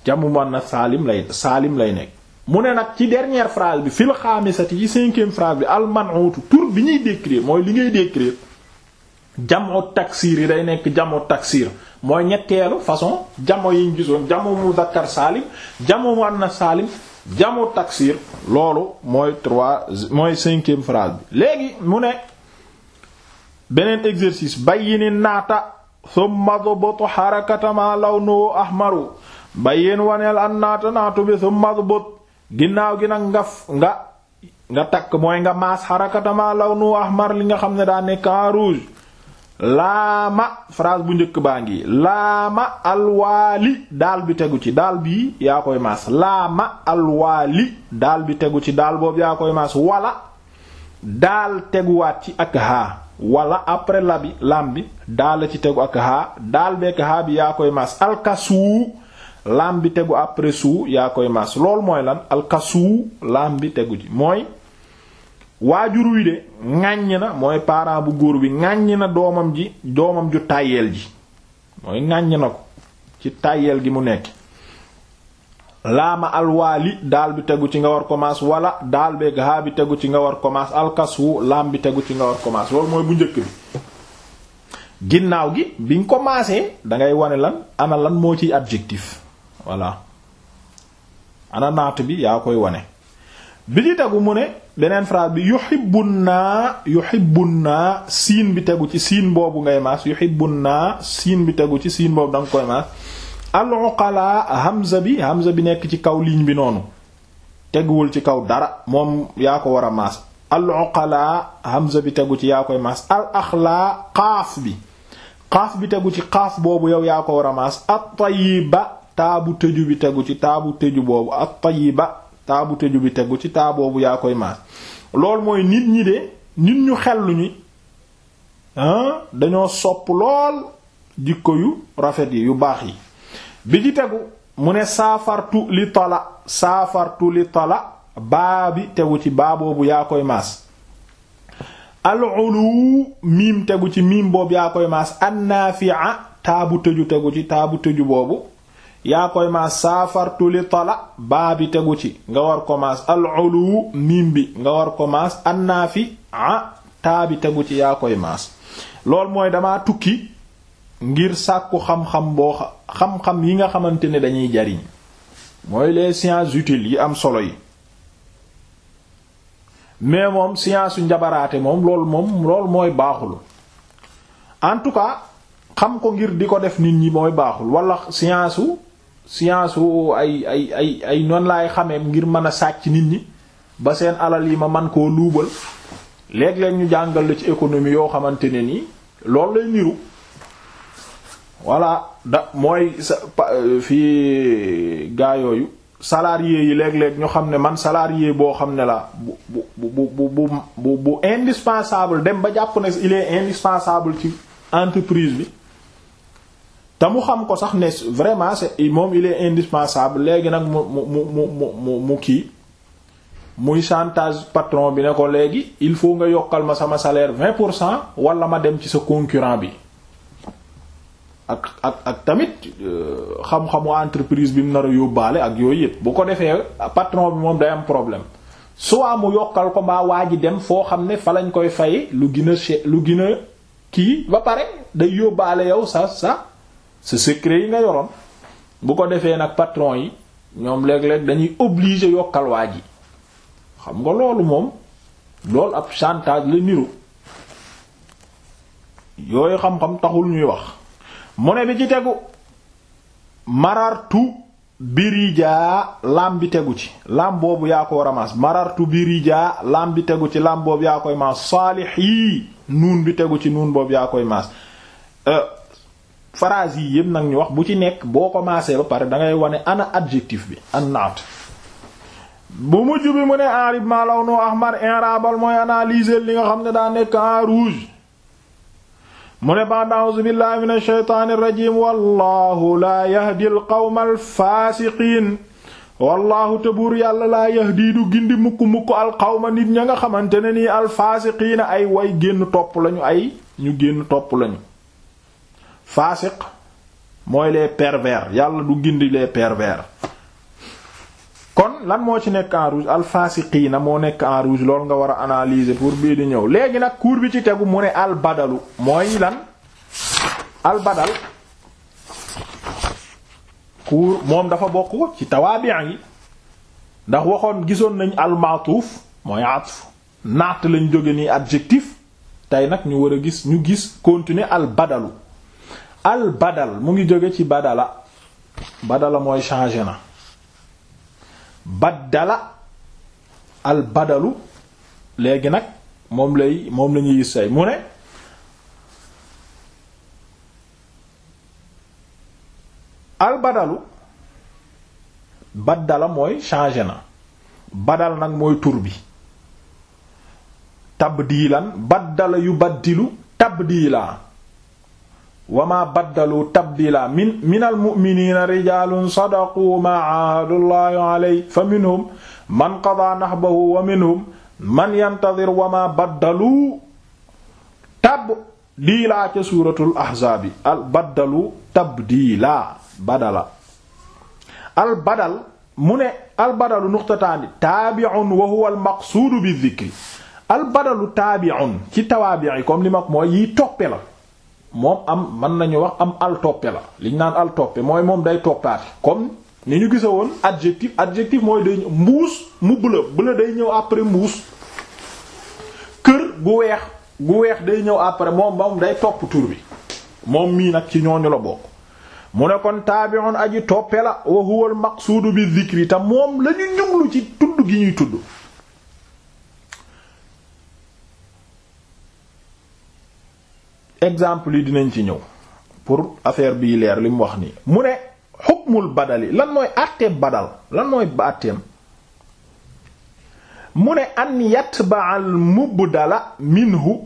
jamu muannath saalim lay saalim lay nekk mu ne nag ci dernière phrase bi fil xaamisati ci cinquième phrase bi al man'ut tur bi ñuy décrire mooy li ngay décrire jamoo taksiir yi day nekk jamoo taksiir mooy ñetteelu façon jamoo yi ñu gisoon jamo muzakkar saalim jamo muannas saalim jamo taksiir loolu mooy trois mooy cinquième phrase bi léegi mu ne beneen exercice bayyini naata thumma dhbut harakatama lawnu ahmaru bayyin waneel an naata naatu bi thumma dhbut ginnaaw gi nag nga nga nga takk mooy nga maas harakatama lawnu ahmar li nga xam ne daa nekk en rouge laama phrase bu njëkk baa ngi laama alwaali daal bi tegu ci daal bii yaa koy maas laama alwaali daal bi tegu ci daal boobu yaa koy maas wala daal teguwaat ci ak haa wala après la bi bi daal la ci tegu ak haa daal beek haa bi yaa koy maas alkasuu lam bi tegu après suu yaa koy maas loolu mooy lan alkasuu lam bi tegu ci mooy waajur wi de ŋàññ na mooy parent bu góor bi ŋàññ na doomam ji doomam ju tàyyeel ji mooy ŋàññ na ko ci tàyyeel gi mu nekk laama alwaali daal bi tegu ci nga war commence wala daal beeg haa bi tegu ci nga war commence alkaswu laam bi tegu ci nga war commence loolu mooy bu njëkk bi ginnaaw gi biñ commencé dangay wane lan ana lan moo ciy adjectif voilà ana naat bi yaa koy wane bi ci tegu mu ne beneen phrase bi yuhibbun naa yuhibbun naa siin bi tegu ci siin boobu ngay maas yuhibbun naa siin bi tegu ci siin boobu da nga koy maas al uqala bi nekk ci kaw ligne bi noonu teguwul ci kaw dara moom yaa ko war a maas al uqala hamza bi tegu ci yaa koy maas al xaaf bi xaaf bi tegu ci xaaf boobu yow yaa ko war a maas at taabu tëju bi tegu ci taabu tëju boobu at tayiba taabu tëju bi tegu ci taa boobu yaa koy maas loolu mooy nit ñi de nit ñu xellu ñi ah dañoo sopp lool jikko yu rafet yi yu baax yi bi ci tegu mu ne saafartu li tola saafartu li tola baa bi tegu ci baa boobu yaa koy maas alulu miim tegu ci miim boobu yaa koy maas annafia taabu tëju tegu ci taabu tëju boobu yaa koy maas saafartu li baa bi tegu ci nga war ko maas al ulu bi nga war ko maas annaafi a taa bi tegu ci yaa koy maas loolu mooy damaa tukki ngir sàkku xam-xam boo xam-xam yi nga xamante ne dañuy jariñ mooy les sciences utiles yi am solo yi mais moom science su njabaraate moom loolu moom loolu mooy baaxul en tout cas xam ko ngir di ko def nit ñi mooy baaxul wala science su science wu ay ay ay ay noonu laay xamee ngir mën a sàcc nit ñi ba seen alal yi ma man koo luubal léeg-léeg ñu jàngal la ci économie yoo xamante ne nii loolu lay niru voilà da mooy sa euh, fii gaa yooyu salarié yi léeg-léeg ñu xam ne man salarié boo xam ne la bu bu bu bu bu indispensable dem ba jàpp ne il est indispensable ci entreprise bi te mu xam ko sax ne vraiment c'est moom il indispensable léegi nag mu mu mu mu mu kii muy chantage patron bi ne ko léegi il faut nga yokkal ma sama salaire vingt pour cent wala ma dem ci sa concurrent bi ak ak tamit euh, xam-xamu entreprise bi mu nar a yóbbaale ak yooyu yëpp bu ko defee patron bi moom day am problème soit mu yokkal ko mbaa waa ji dem foo xam ne fa lañ koy fay lu gën a lu gina kii ba pare day yóbbaale yow sa sa sa secret yi nga yoroon bu ko defee nag patron yi ñoom léeg-léeg dañuy obligé yokkal waa ji xam nga loolu moom loolu ab chantage la niro yooyu xam-xam taxul ñuy wax mu ne bi ci tegu marartu birija lam bi tegu ci lam boobu yaa ko war a ramas marartu birija lam bi tegu ci lam boobu yaa koy maas saalix yii nuun bi tegu ci nuun boobu yaa koy maas euh, phrase yi yëpp nag ñu wax bu ci nekk boo commencé ba pare da ngay wane ana adjectif bi an naat bu mujj bi mu ne arib ma law nu ahmar inrabal mooy analyser li nga xam ne daa nekk en rouge mu ne ba'da a'uuzu billahi minash shaytaanir rajiim wallahu laa yahdi al qawmal faasiqiin wallahu te buur yàlla laa yahdi du gindi mukk mukk al qawma nit ña nga xamante ne nii al faasiqiina ay way génn topp lañu ay ñu génn topp lañu faasiq mooy les pervers yàlla du gindi les pervers kon lan moo ci nekk en rouge al na moo nekk en rouge loolu nga war a analyser pour bii di ñëw léegi nag cours bi ci tegu mu ne al badalu mooy lan albadal badal moom dafa bokk ci tawaabi' yi ndax waxoon gisoon nañ al ma'tuuf mooy atf naat lañ jóge nii adjectif tey nag ñu war a gis ñu gis continuer al al mu ngi jóge ci badala badala mooy changé na badala al badalu léegi nag moom lay moom la ñuy gis say mu ne al badalu badala mooy changé na badal nag mooy tur bi tabdilan badala yu baddilu tabdila wamaa baddalu tabdila min minal mu'miniina rijaalun sadaqu maa aahadullaahi alayhi fa minhum man qadaa nahbahu wa minhum man yantadir wamaa baddalu tab diilaa ca suuratul ahzaabi al baddalu tabdiilaa badala al badal mu ne al badalu nuqtataani taabi'un wa huwa al maqsuudu bi dhikri al badalu taabi'un ci tawaabi'i comme li mag mooy yiy toppe la moom am mën nañu wax am al toppe la liñ naan al toppe mooy moom day toppaati kon ni ñu gisa woon adjectif adjectif mooy day mbuus mu bëla bëla day ñëw après mbuus kër gu weex gu weex day ñëw après moom moom day topp tur bi moom mii nag ci ñooñu la bokk mu ne kon taabi'un aji toppe la wa huwa al maqsuudu bi dhikri te moom lañu ñunglu ci tudd gi ñuy tudd exemple yi dinañ ci ñëw pour affaire bii leer li mu wax nii mu ne xukmul badali lan mooy àtteem badal lan mooy àtteem mu ne an yatba'al mubdala minhu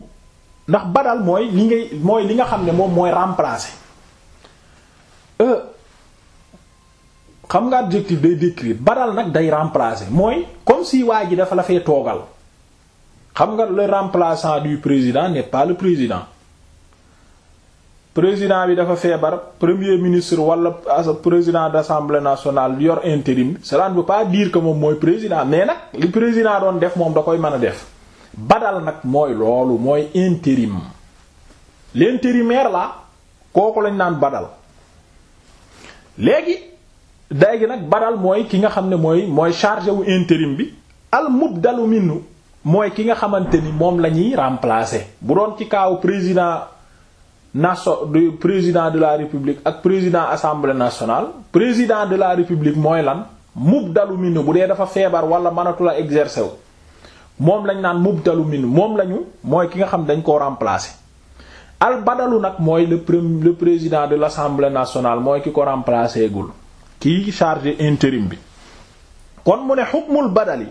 ndax badal mooy li nga xam ne moom mooy remplacer euh, xam nga adjectif day décrire badal nag day remplacer mooy comme si waa ji dafa la fee toogal xam nga le remplaçant du président n'est pas le président président bi dafa feebar premier ministre wala président d'assemblée nationale yor intérim cela ne veut pas ko moom mooy président mais nag li président doon def moom da koy mën a def badal nag mooy loolu mooy intérim l'intérimaire la kooku lañ naan badal léegi léegi nag badal mooy ki nga xam ne mooy mooy chargé wu intérim bi al mubdalu minhu mooy ki nga xamante ni moom la ñuy remplacer bu doon ci kaaw président nation du président de la république ak président assemblée nationale président de la république mooy lan dalu minu bu dee dafa feebar wala mënatula exercer wu moom lañ naan mubdalu minu moom lañu mooy ki nga xam dañ ko remplacer al badalu nag mooy le le président de l'assemblée nationale mooy ki ko remplacer gul kii chargé intérim bi kon mu ne xukmul badali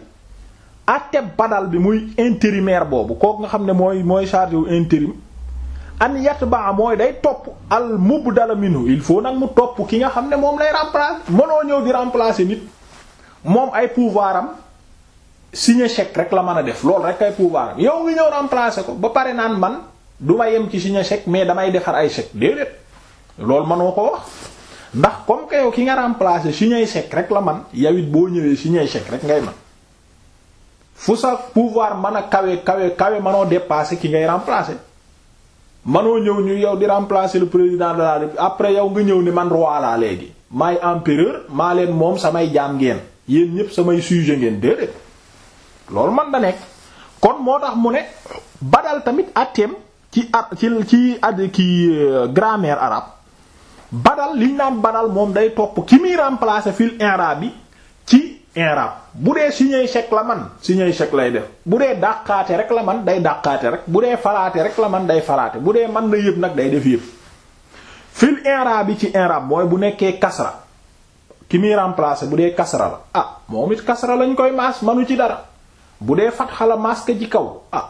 atte badal bi muy intérimaire boobu kooku nga xam ne mooy mooy chargé wu intérim an yatba mooy day topp al mubdala minhu il faut nag mu topp ki nga xam ne moom lay remplacer mënoo ñëw di remplacer nit moom ay pouvoir am signer chèque rek la man a def loolu rek ay pouvoir am yow ngi ñëw remplacer ko ba pare naan man du ma yem ci signer chèque mais damay defar ay chèque déedéet loolu mënoo ko wax ndax comme que yow ki nga remplacer signer chèque rek la man yow boo ñëwee signer chèque rek ngay man fu sa pouvoir mën a kawe kawe kawe mënoo dépasser ki ngay remplacer. manoo ñëw ñu yow di remplacer le président de après yow nga ñëw ne man roi laa léegi maay empereur maa leen moom samay jaam ngeen yéen ñépp samay sujet ngeen déedéet loolu man da nekk kon moo tax mu ne badal tamit atteem ci ar ci ci ad ki euh, grammaire arabe badal liñ naan badal moom day topp ki muy remplacer fil i'rab bi ci inrab bu dee signer chèque la man signer chèque lay def bu dee dàqaate rek la man day dàqaate rek bu dee falaate rek la man day falaate bu dee man na yëpp nag day def yëpp fil inrab bi ci inrab mooy bu nekkee kasra ki muy remplacer bu dee kasra la ah moom it kasra lañ koy maas manu ci dara bu dee fatxa la maas ko ci kaw ah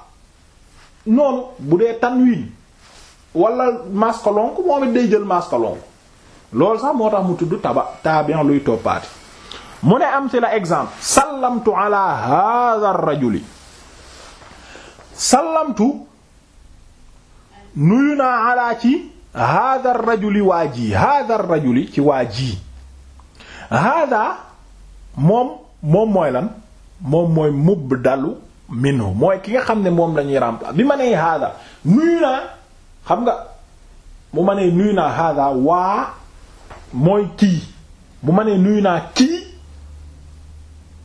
noonu bu dee tanwin wala maas ko lonk moom it day jël maas lonk loolu sax moo tax mu tudd taba tabian luy toppaati mu ne am si la exemple sallamtu ala hadha ar-rajuli sallamtu nuyu naa alaa ci hadha ar-rajuli waa ji hadha ar-rajuli ci waa ji hadha moom moom mooy lan moom mooy mubdalu minhu mooy ki nga xam ne moom lañuy remplacer bi ma nee hadha nuyu naa xam nga bu ma nee nuyu naa hadha waa mooy kii bu ma nee nuyu naa kii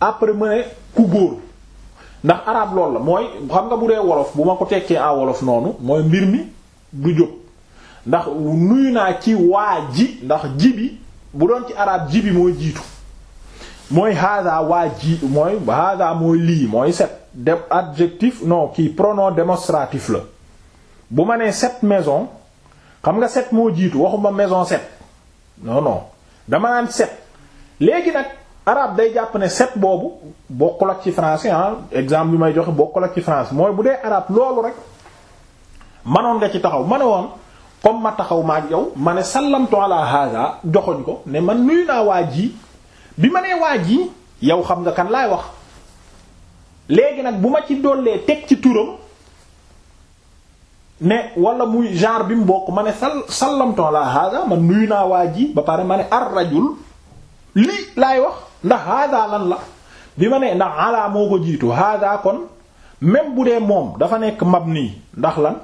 après mu ne ku góor ndax arab loolu la mooy xam nga bu dee wolof bu ma ko tekkee en wolof noonu mooy mbir mi du jóg ndax nuyu naa ci waa ji ndax ji bi bu doon ci arab ji mooy jiitu mooy hada waa ji mooy hada mooy lii mooy set de adjectif non kii pronom démonstratif la bu ma nee sept maison xam nga set moo jiitu waxuma maison set non dama naan set léegi nag arab day jàpp ne set boobu bokkul ak ci français ah exemple bi may joxe bokkul ak ci français mooy bu dee arab loolu rek manoon nga ci taxaw ma ne woon comme ma taxaw ma yow ma ne sallamtu ala hada ko ne man nuyu naa ji bi ma nee waa ji yow xam nga kan laay wax léegi nag bu ma ci dollee teg ci turam ne wala muy genre bi mu bokk ma sal sallamtu ala hada man nuyu naa waa ji ba pare ma ne ar rajul lii laay wax ndax hada lan la bi ma ne ndax ala moo ko jiitu hada kon même bu dee moom dafa nekk mabni ndax lan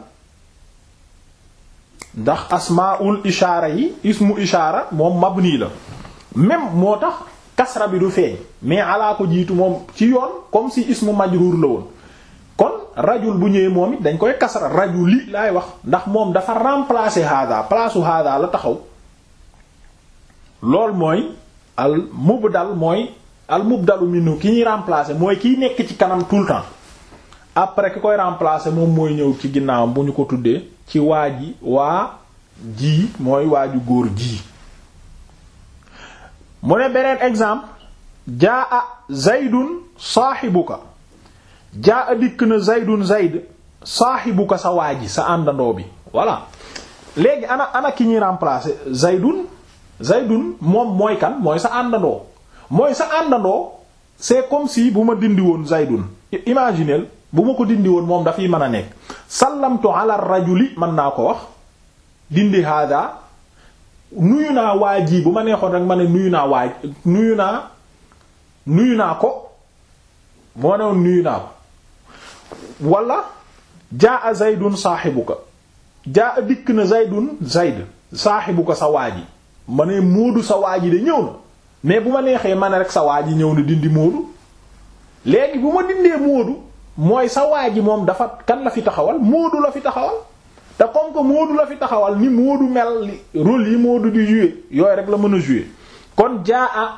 ndax asmaul ishaara yi ismu ishaara moom mabni la même moo tax kasra bi du feeñ mais alaa ko jiitu moom ci yoon comme si ismu majruur la woon kon rajul bu ñëwee moom it dañ koy kasra rajuli laay wax ndax moom dafa remplacer hada place u la taxaw lool mooy al mubdal mooy al mubdalu minhu ki ñuy remplacer mooy kiy nekk ci kanam tout le temps après ki koy remplacer moom mooy ñëw ci ginnaaw bu ñu ko tuddee ci waa ji waa ji mooy waaju góor ji mu ne beneen exemple jaa a zaydun saaxibuka jaa a dikk na zaydun zayd saaxibuka sa waa ji sa àndandoo bi voilà léegi ana ana ki ñuy remplacer zaydun zaydun moom mooy kan mooy sa àndandoo mooy sa àndandoo c'est comme si bu ma dindi woon zaydun imagineel bu ma ko dindi woon moom dafay mën a nekk sallamtu ala rajuli mën naa ko wax dindi hada nuyu naa waa ji bu ma neexoon rek ma ne nuyu naa waaj nuyu naa nuyu naa ko moo newoon nuyu naa ko wala jaa zaydun saaxibuka jaa dikk na zaydun zayd ko sa waa ji ma ne Moodu sa waa ji de ñëw na mais bu ma neexee ma ne rek sa waa ji ñëw na dindi Moodu léegi bu ma dindee Moodu mooy sa waa ji moom dafa kan la fi taxawal Moodu la fi taxawal te comme que Moodu la fi taxawal ni Moodu mel rôle yi Moodu di jouer yooyu rek la mën a jouer kon jaa a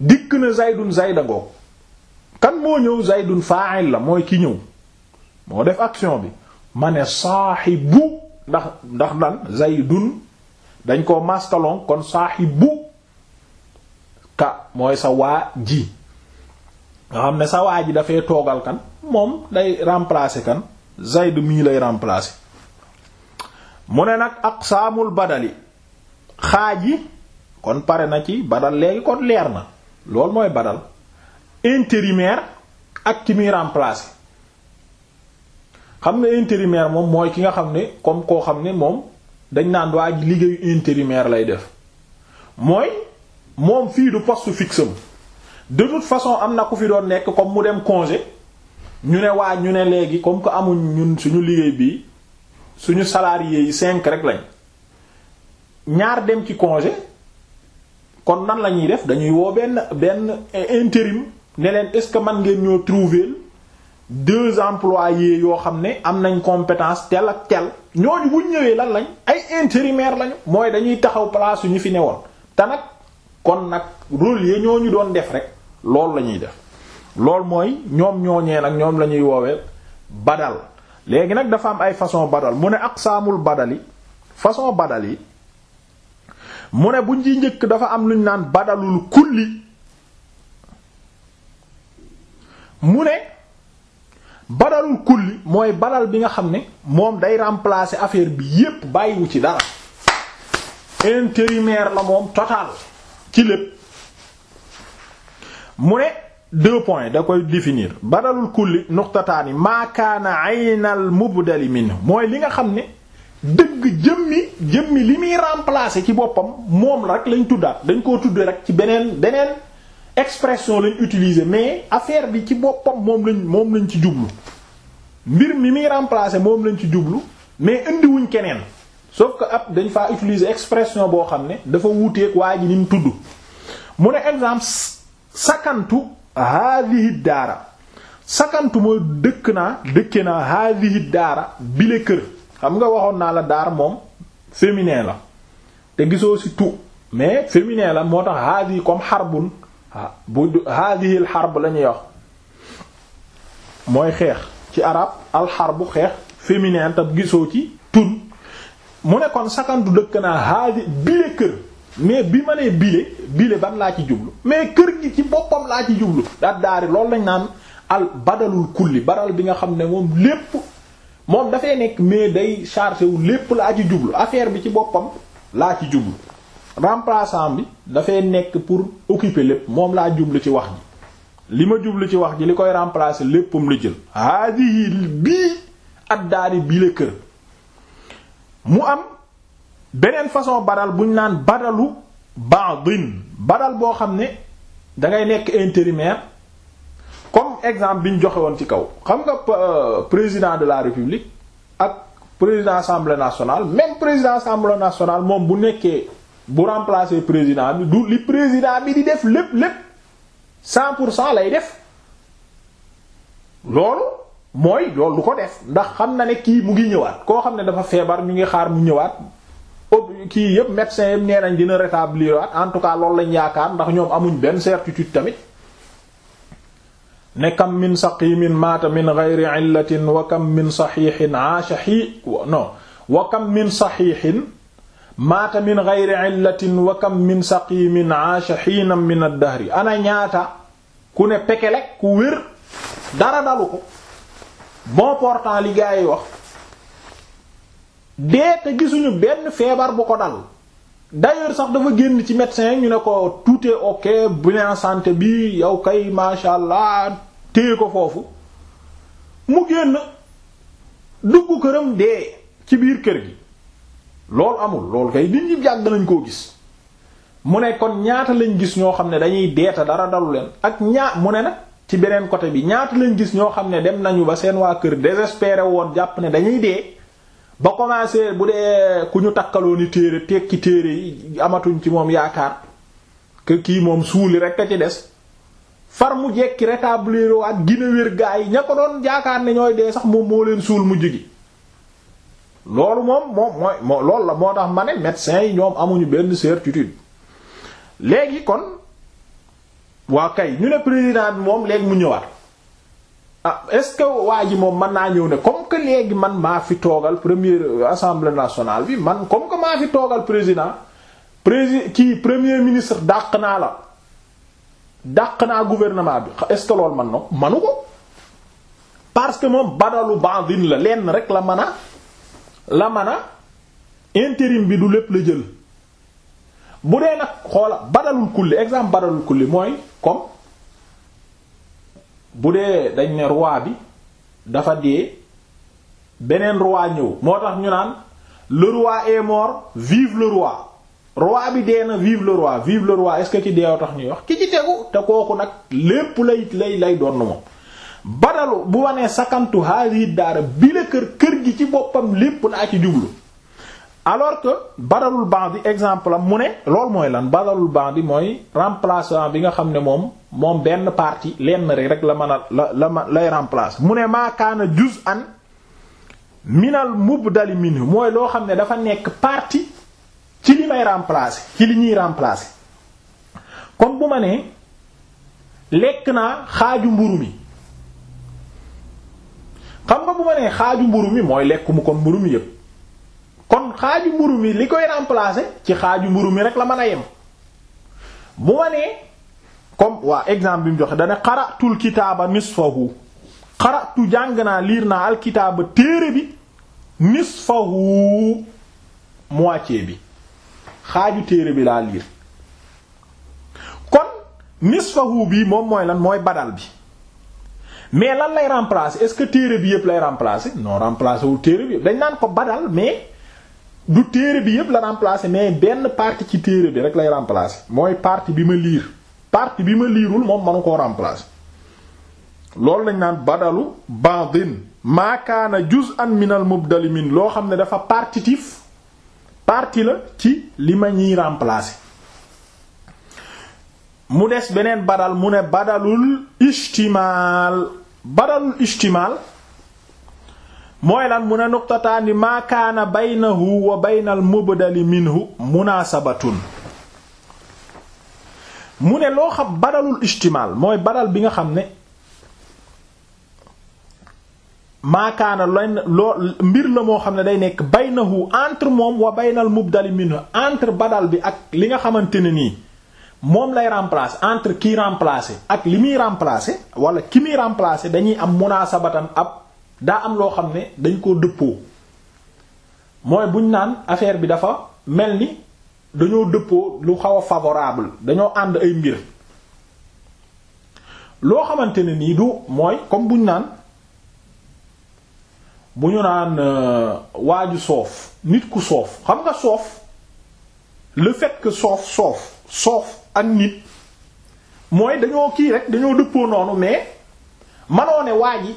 dikk na Zaydun Zayda ngoog kan moo ñëw Zaydun fa'il la mooy ki ñëw moo def action bi ma ne saaxibu ndax ndax lan Zaydun dañ koo maskalon kon saaxibu ka mooy sa waa ji nga xam ne sa waa ji dafay toogal kan moom day remplacer kan Zayd mii lay remplacer mu ne nag aqsaamul badali xaaji kon pare na ci badal léegi kon leer na loolu mooy badal intérimaire ak ki muy remplacer xam nga intérimaire moom mooy ki nga xam ne comme koo xam ne moom dañ naan waa ji liggéeyu intérimaire lay def mooy moom fii du poste fixe am de toute façon am na ku fi doon nekk comme mu dem congé ñu ne waa ñu ne léegi comme que amuñ ñun suñu liggéey bi suñu salarié yi cinq rek lañ ñaar dem ci congé kon nan la ñuy def dañuy woo benn benn intérim ne leen est-ce que man ngeen ñoo trouver deux employés yoo xam ne am nañ compétence tel ak tel ñooñu bu ñëwee lan lañ ay intérimaire lañu mooy dañuy taxaw place ñu fi newoon te nag kon nag rôle yi ñooñu doon def rek loolu la ñuy def loolu mooy ñoom ñooñee nag ñoom la ñuy woowee badal léegi nag dafa am ay façon badal mu ne ak aqsaamul badali façon badal yi mu ne buñ ci njëkk dafa am lu ñu naan badalul kulli mu ne badalul kulli mooy badal bi nga xam ne moom day remplacer affaire bi yépp bàyyiwu ci dara intérimaire la moom total ci lépp mu ne deux points da koy définir badalul kulli nuqtataani maakaana aynal mubdali min mooy li nga xam ne dëgg jëmmi jëmmi li muy remplacer ci boppam moom la rek lañ tuddaat dañ koo tuddee rek ci beneen beneen expression lañ utiliser mais affaire bi ci boppam moom lañ moom lañ ci jublu mbir mi muy remplacer moom lañ ci jublu mais indiwuñ keneen sauf ko ab dañ faa utiliser expression boo xam ne dafa wuuteeg waa ji ni mu tudd mu ne exemple sakantu haadihi daara sakantu mooy dëkk naa dëkke naa haadihi daara bile kër xam nga waxoon naa la daar moom féminin la te gisoo si tout mais féminin la moo tax haadi comme xarbun bu hadihi al harb la ñuy wax mooy xeex ci arab al harbu xeex féminin tab gisoo ci tur mu ne kon sakantu dëkk naa haadi bile kër mais bi ma ne bile bile ban laa ci jublu mais kër gi ci boppam laa ci jublu daat daari loolu lañ naan al badalul kulli baral bi nga xam ne moom lépp moom dafay nekk mais day chargé wu lépp laa ci jublu affaire bi ci boppam laa ci jublu remplaçant bi dafay nekk pour occuper lépp moom laa jublu ci wax ji li ma jublu ci wax ji li koy remplacer léppam la jël haadihi bii at bi la kër mu am beneen façon badal buñ naan badalu ba'din badal boo xam ne dangay nekk intérimaire comme exemple bi ñu joxe woon ci kaw xam nga euh, président de la république ak président assemblée national même président assemblée national moom bu nekkee bu remplacer président bi du li président bi di def lépp lépp cent pour cent lay def loolu mooy loolu du ko def ndax xam na ne kii mu ngi ñëwaat koo xam ne dafa feebar ñu ngi xaar mu ñëwaat kii yëpp médecin yëpp nee nañ dina rétablir waat tout cas loolu lañ yaakaar ndax ñoom amuñ benn certitude tamit ne kam min saqimin maata min ghayri illatin wa kam min saxiixin aasha xii non wa kam min saxiixin maata min ghayri illatin wa kam min saqimin aasha hiinan min ad-dahri ñaata ku ne pekelek ku wér dara dalu ko bon portant li gaa yi wax dee te gisuñu benn feebar bu ko dal d'ailleurs sax dafa génn ci médecin ñu ne ko tout est ok santé bi yow kay masha allah téye ko foofu mu génn dugg këram dee ci biir kër gi loolu amul loolu kay nit ñi nañ koo gis mu ne kon ñaata lañ gis ñoo xam ne dañuy deeta dara dalu leen ak ñaa mu ne na ci beneen côté bi ñaata lañ gis ñoo xam ne dem nañu ba seen waa kër désespéré woon jàpp ne dañuy dee ba commencé bu dee ku ñu takkaloo ni téere tekki téere yi amatuñ ci moom yaakaar que kii moom suuli rek a ci des far mu jekki rétablir ak gine wér gaa yi ña ko doon yaakaar ne ñooy dee sax moom moo leen suul mujj gi loolu moom moom mooy moo loolu la moo tax ma ne médecins yi ñoom amuñu benn certitude léegi kon waa kay ñu ne président bi moom léegi mu ñëwaat ah est-ce que waa ji moom mën naa ñëw ne comme que léegi man maa fi toogal première assemblée nationale bi man comme que maa toogal président président kii premier ministre dàq naa la dàq naa gouvernement bi est-ce que loolu man na manu ko parce que moom badalu bandin la lenn rek la mën a lamana man intérim bi du lépp la jël bu dee nag xoola badalul kulli exemple badalul kulli mooy comme bu dee dañ ne roi bi dafa dee beneen roi ñëw moo tax ñu naan le roi est mort vive le roi roi bi dee na vive le roi vive le roi est-ce que ki tax ñuy wax ki ci tegu te kooku nag lépp lay lay lay doon moom badalu bu ma sakantu haadihi daara bi la kër kër gi ci boppam lépp laa ci jublu alors que badalul ba'di exemple am mu ne lool mooy lan badalul ba'di mooy remplacement bi nga xam ne moom moom benn partie lenn rek la mën la la lay remplacer mu ne maakaana juz'an minal mubdali minhu mooy loo xam ne dafa nekk parti ci li may remplacer ci li ñuy remplacer comme bu ma nee lekk naa xaaju mburu mi xam nga bu ma nee xaaju mburu mi mooy lekk mu kon mburu mi yëpp kon xaaju mburu mi li koy remplacer ci xaaju mburu mi rek la mën a yem bu ma nee comme waa exemple bi mu joxe dana xaratul kitaaba nisfahu xaratu jàng naa liir naa alkitaaba téere bi nisfahu moitié bi xaaju téere bi laa liir kon nisfahu bi moom mooy lan mooy badal bi mais lan lay remplacer est-ce que téere bi yëpp lay remplacer non remplacer wul téere bi yëpp dañ naan ko badal mais du téere bi yëpp la remplacer mais benn parti ci téere bi rek lay remplacer mooy partie bi ma liir partie bi ma liirul moom manu koo remplacer loolu lañ naan badalu badin maakaana juz'an minal mubdali min loo xam ne dafa partitif parti la ci li ma ñuy remplacer mu des beneen badal mu ne badalul ishtimaal badalul ishtimaal mooy lan mu ne nuqtataani maa kaana baynahu wa baynal mubdali minhu munaasabatun mu ne loo xam badalul ishtimaal mooy badal bi nga xam ne maakaana lan loo mbir la moo xam ne day nekk baynahu entre moom wa baynal mubdali minhu entre badal bi ak li nga xamante ne nii moom lay remplacer entre kii remplacer ak li muy remplacer wala ki muy remplacer dañuy am munaasabatan ab daa am loo xam ne dañ koo dëppoo mooy buñ naan affaire bi dafa mel ni dañoo dëppoo lu xaw a favorable dañoo ànd ay mbir loo xamante ne nii du mooy comme buñ naan bu ñu naan euh, waaju soof nit ku soof xam nga soof lu fekk soof soof soof ak nit mooy dañoo kii rek dañoo dëppoo noonu mais manoo waa ji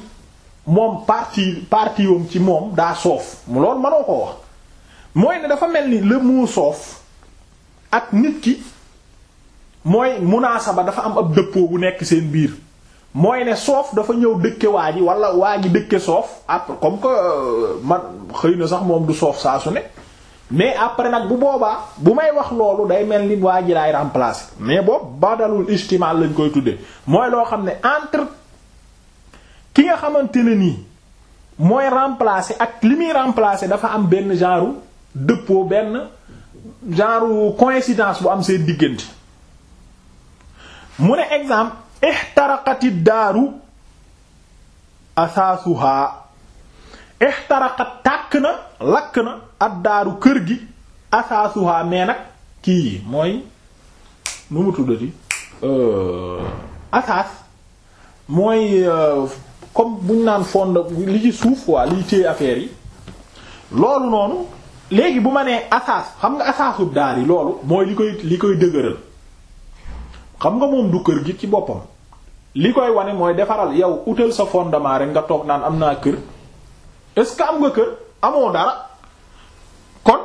moom parti parti wam ci moom daa soof mu loolu manoo ko wax mooy ne dafa mel ni le mot soof ak nit ki mooy munaasaba dafa am ab dëppoo bu nekk seen biir mooy ne soof dafa ñëw dëkke waa ji wala waa ji dëkke soof après comme que euh, man xëy na sax moom du soof saa su mais après nag bu boobaa bu may wax loolu day mel ni waa ji laay remplacer mais boobu badalul ijtimal lañ koy tuddee mooy loo xam ne entre ki nga xamante ne nii mooy remplacer ak li muy remplacer dafa am benn genre dëppoo benn genre coïncidence bu am seen diggante mu ne exemple ixtaraqati daaru asaasuhaa ixtaraqat tàkk na lakk na at daaru kër gi asaasuhaa mais nag kii yi mooy nu mu tuddati euh, asaas mooy euh, comme buñ naan fond li ci suuf waa liy téye affaire yi loolu noonu léegi bu ma nee asaas xam nga asaasub daar yi loolu mooy li koy li koy dëgëral xam nga moom du kër gi ci boppam li koy wane mooy defaral yow utal sa fondement rek nga toog naan am naa kër est-ce que am nga kër amoo dara kon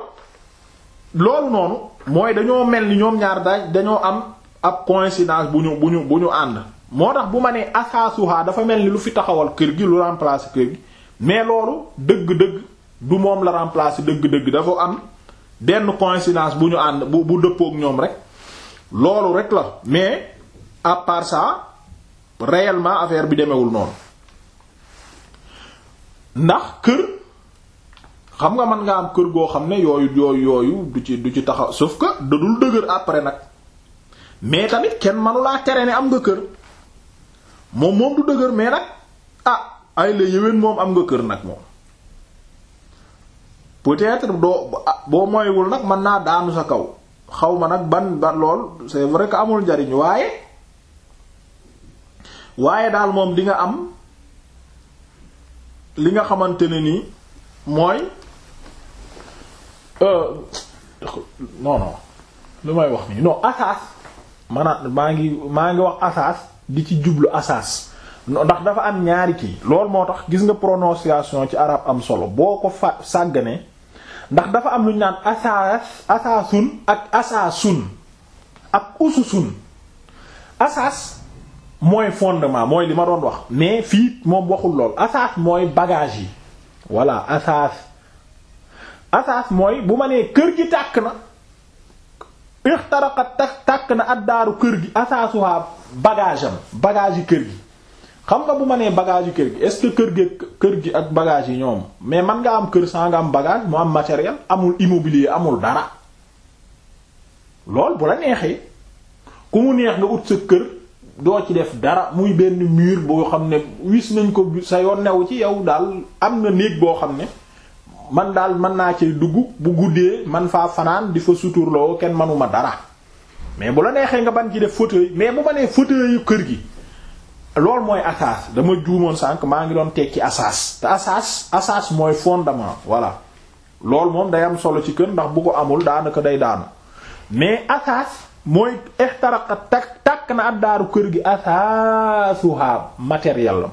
loolu noonu mooy dañoo mel ni ñoom ñaar daaj dañoo am ab coïncidence bu ñu bu ñu bu ñu ànd moo tax bu ma nee asaasuha dafa mel ni lu fi taxawal kër gi lu remplacer kër gi mais loolu dëgg-dëgg du moom la remplacer dëgg-dëgg dafa am benn coïncidence bu ñu ànd bu bu dëppook ñoom rek loolu rek la mais à part ça affaire bi demewul noonu ndax kër xam nga mën nga am kër goo xam ne yooyu yooyu yooyu du ci du ci taxaw sauf ka da dëgër après nag mais tamit kenn manulaa tere ne am nga kër moom moom du dëgër mais nag ah ay la moom am nga kër nag moom peut-être doo boo moywul nag mën naa daanu sa kaw xaw ma nag ban ba lool c'est vrai amul njariñ waaye waaye daal moom di nga am li nga xamante ne nii mooy Euh, non lu may wax nii non asaas maanaam maa ngi maa ngi wax asaas di ci jublu asaas ndax dafa am ñaari kii lool moo tax gis nga prononciation ci arab am solo boo ko fa sàgganee ndax dafa am lu ñu naan asaas asaasun ak asaasun ak ususun asaas mooy fondement mooy li ma doon wax mais fii moom waxul lool asaas mooy bagage yi voilà asaas asaas mooy bu ma nee kër gi tàkk na ixtaraqat takk na at addaaru kër gi asaasuha bagage am bagage kër gi xam nga bu ma nee bagage yi kër gi est-ce que kër gi kër gi ak bagage yi ñoom mais man nga am kër saa nga am bagage mu am matériel amul immobilier amul dara lool bu la neexee ku mu neex nga ut sa kër doo ci def dara muy benn mur boo xam ne wis nañ ko sa yoon newu ci yow daal am na néeg boo xam ne man daal mën naa cee dugg bu guddee man faa fanaan di fa suturloo kenn manuma dara mais bu la neexee nga ban ci def fauteuil mais bu ma nee fauteuil yu kër gi loolu mooy asaas dama juumoon sànq maa ngi doon tekki asaas te asaas asaas mooy fondement voilà loolu moom day am solo ci kër ndax bu ko amul daanaka day daanu mais asaas mooy ixtaraqa takk na ak daaru kër gi asaasuha matériel la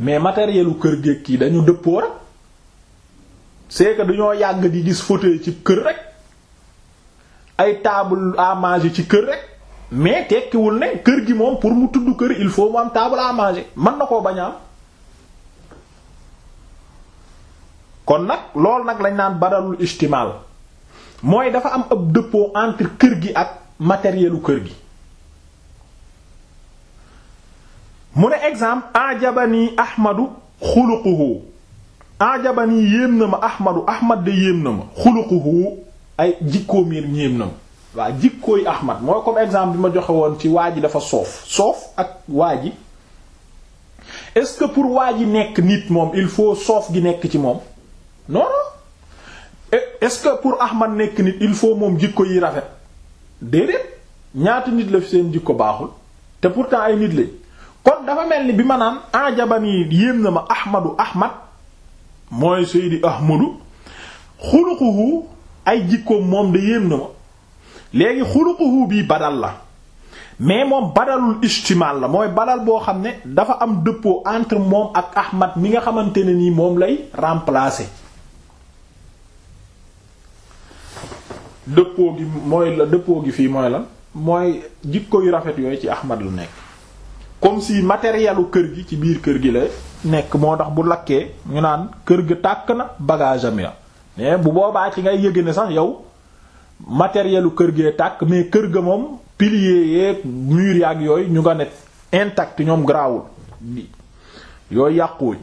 mais matérielu kër gi kii dañu dëppoo rek c'est que dañoo yàgg di gis fauteuil ci kër rek ay taabul à manger ci kër rek mais tekkiwul ne kër gi moom pour mu tudd kër il faut mu am table à manger mën na koo bañ kon nag loolu nag lañ naan badalul istimal mooy dafa am ab dëppoo entre kër gi ak matérielu kër gi mu ne exemple ajabani ahmadu xuluquhu ajabani yéem na ma ahmadu ahmad de yéem na ma xuluquhu ay jikkoom yi yéem na ma waa jikkooy ahmad mooy comme exemple bi ma joxe woon ci waa ji dafa soof soof ak waa ji est-ce que pour waa ji nekk nit moom il faut soof gi nekk ci moom non non est-ce que pour ahmad nekk nit il faut moom jikko yi rafet déedéet ñaata nit la fi seen jikko baaxul te pourtant ay nit lañ kon dafa mel ni bi ma naan ajabani yéem na ma ahmadu ahmad mooy Seydi Ahmadu xuluquhu ay jikkoom moom de yéem na ma léegi xuluquhu bii badal la mais moom badalul istimal la mooy badal boo xam ne dafa am dëppoo entre moom ak Ahmad mi nga xamante ne nii moom lay remplacer dëppoo gi mooy la dëppoo gi fii mooy la mooy jikko yu rafet yooyu ci Ahmad lu nekk comme si matérielu kër gi ci biir kër gi la nekk moo tax bu lakkee ñu naan kër gi tàkk na bagage am ya mais bu boobaa ci ngay yëg ne sax yow matérielu kër gee tàkk mais kër ga moom pilier yeeg mur yaak yooyu ñu nga ne intact ñoom garaawul yooyu yàquwuñ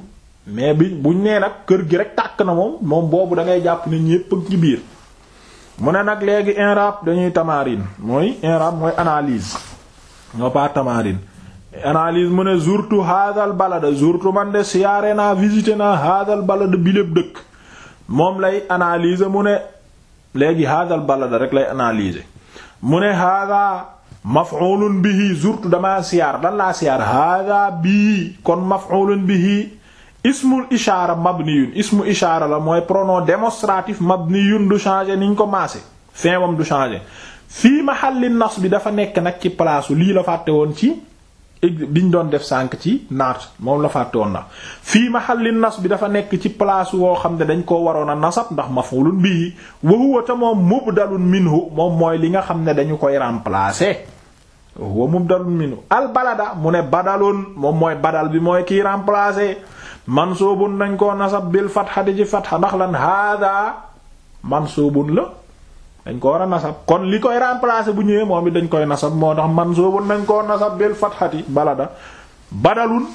mais bi buñ nee nag kër gi rek tàkk na moom moom boobu da ngay jàpp ne ñépp ak ci biir mu ne nag léegi inrab dañuy tamarin mooy inrab mooy analyse ñoo pas tamarin analyse mu ne zurtu haadal balada zurtu man de siyaare naa visité naa haadal balada biléb dëkk moom lay analyser mu ne léegi haadal balada rek lay analyser mu ne haada maf'ulun bihi zurtu damaa siyaar dan laa siyaar haada bii kon maf'ulun bihi ismul ishaara mabniyun ismu ishaara la mooy pronom démonstratif mabniyun du changer niñ ko maase fin wam du changer fii mahalli nas bi dafa nekk nag ci place lii la fàtte woon ci biñ doon def sànq ci naat moom la fàttoon na fii ma xal mahalli nas bi dafa nekk ci place woo xam ne dañ koo waroon a nasab ndax mafulun bii wa huwa ta moom mubdalun minhu moom mooy li nga xam ne dañu koy remplacer wa mubdalun minhu mu ne badaloon moom mooy badal bi mooy kiy remplacer mansuubun dañ koo nasab bil fatxati ci fatxa ndax lan hada mansuubun la dañ ko war a nasab kon li koy remplacer bu ñëwee moom it dañ koy nasab moo tax mansuubun nañ koo nasab bil fatxati balada badalun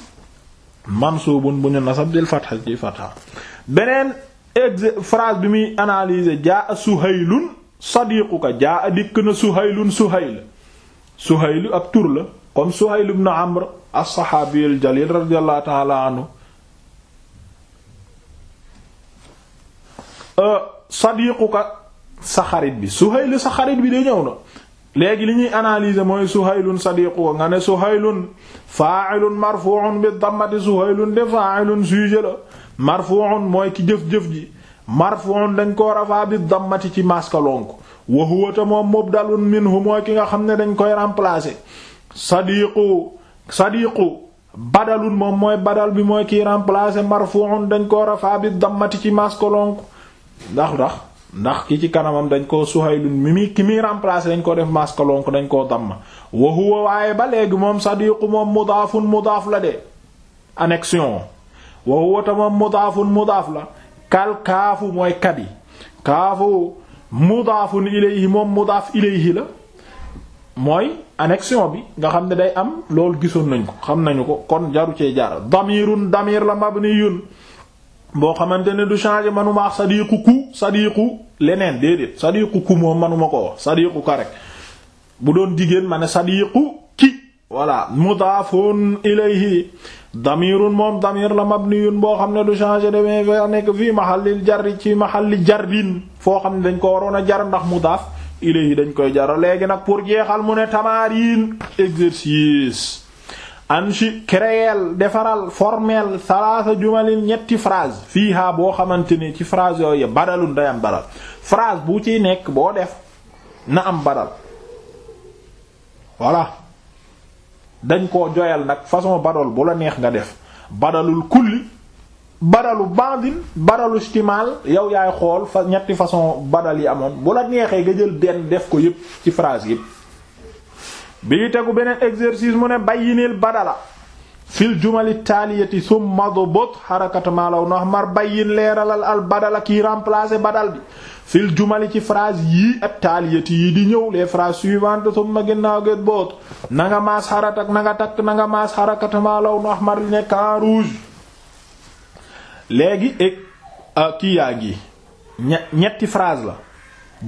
mansuubun bu ñu nasab bil fatxati fatxa beneen exe phrase bi muy analyser jaa a suhaylun sadiquka jaa a dikk na suhaylun suhayl suhaylu ab tur la comme suhayl ibn amr as-sahaabiyul jalil radiyallahu ta'ala anhu euh, sa xarit bi Suhayl sa xarit bi de ñëw na léegi li ñuy analyser mooy Suhaylun sadiqu nga ne Suhaylun fa'ilun marfu'un bi dammati Suhaylun de fa'ilun sujet la marfu'un mooy ki jëf-jëf ji marfu'un dañ ko rafaa bi dammati ci maskalonk wa huwa ta moom mubdalun minhu mooy ki nga xam ne dañ koy remplacer sadiqu sadiqu badalun moom mooy badal bi mooy kiy remplacer marfu'un dañ ko rafaa bi dammati ci maskalonk ndax ndax ndax ki ci kanamam dañ koo Suhaylun mi mi ki muy remplacé dañ ko def maskalonk dañ koo damm wa huwa waaye ba léegi moom sadiqu moom mudaafun mudaaf la de annexion wa huwa la kal kaafu mooy kabi kaafu mudaafun ilayhi moom mudaaf ilayhi la mooy annexion bi nga xam ne day am loolu gisoon nañ ko xam nañu ko kon jaru cee jaar damirun damir la mabniyun boo xamante ne du changer manuma sadiqu ku sadiqu leneen déedéet sadiqu ku moom manuma ko wax sadiqu ka rek bu doon jigéen ma ne sadiqu ki voilà mudaafun ilayhi damirun moom damir la mabniyun boo xam ne du changer de fa nekk fii mahallil jarri ci jar jarrin foo xam ne dañ ko waroon a jar ndax mudaaf ilayhi dañ koy jara léegi nag pour jeexal mu ne tamarin exercice anchi créel defaral formel salaasa jumalin ñetti phrase fii boo xamante ni ci phrase yooyu badalun day am badal phrase bu ci nekk boo def na am badal voilà dañ ko joyal nag façon badal bu la neex nga def badalul kulli badalu bandin badalu istimal yow yaay xool fa ñetti façon badal yi amoon bu la neexee nga jël benn def ko yépp ci phrase yépp bii tegu beneen exercice mu ne bayyinil badala fil jumali taaliyati thumma dubut xarakatu maa law nahmar bayyin leeralal al badala kiy remplacer badal bi fil jumali ci phrase yii ak taaliyati yi di ñëw les phrases suivantes thumma ginnaaw gët boot na nga maas xaratak na nga takk na nga maas xarakatu maa law nahmar li nekk en rouge léegi e, kii yaa ngi ñetti phrase la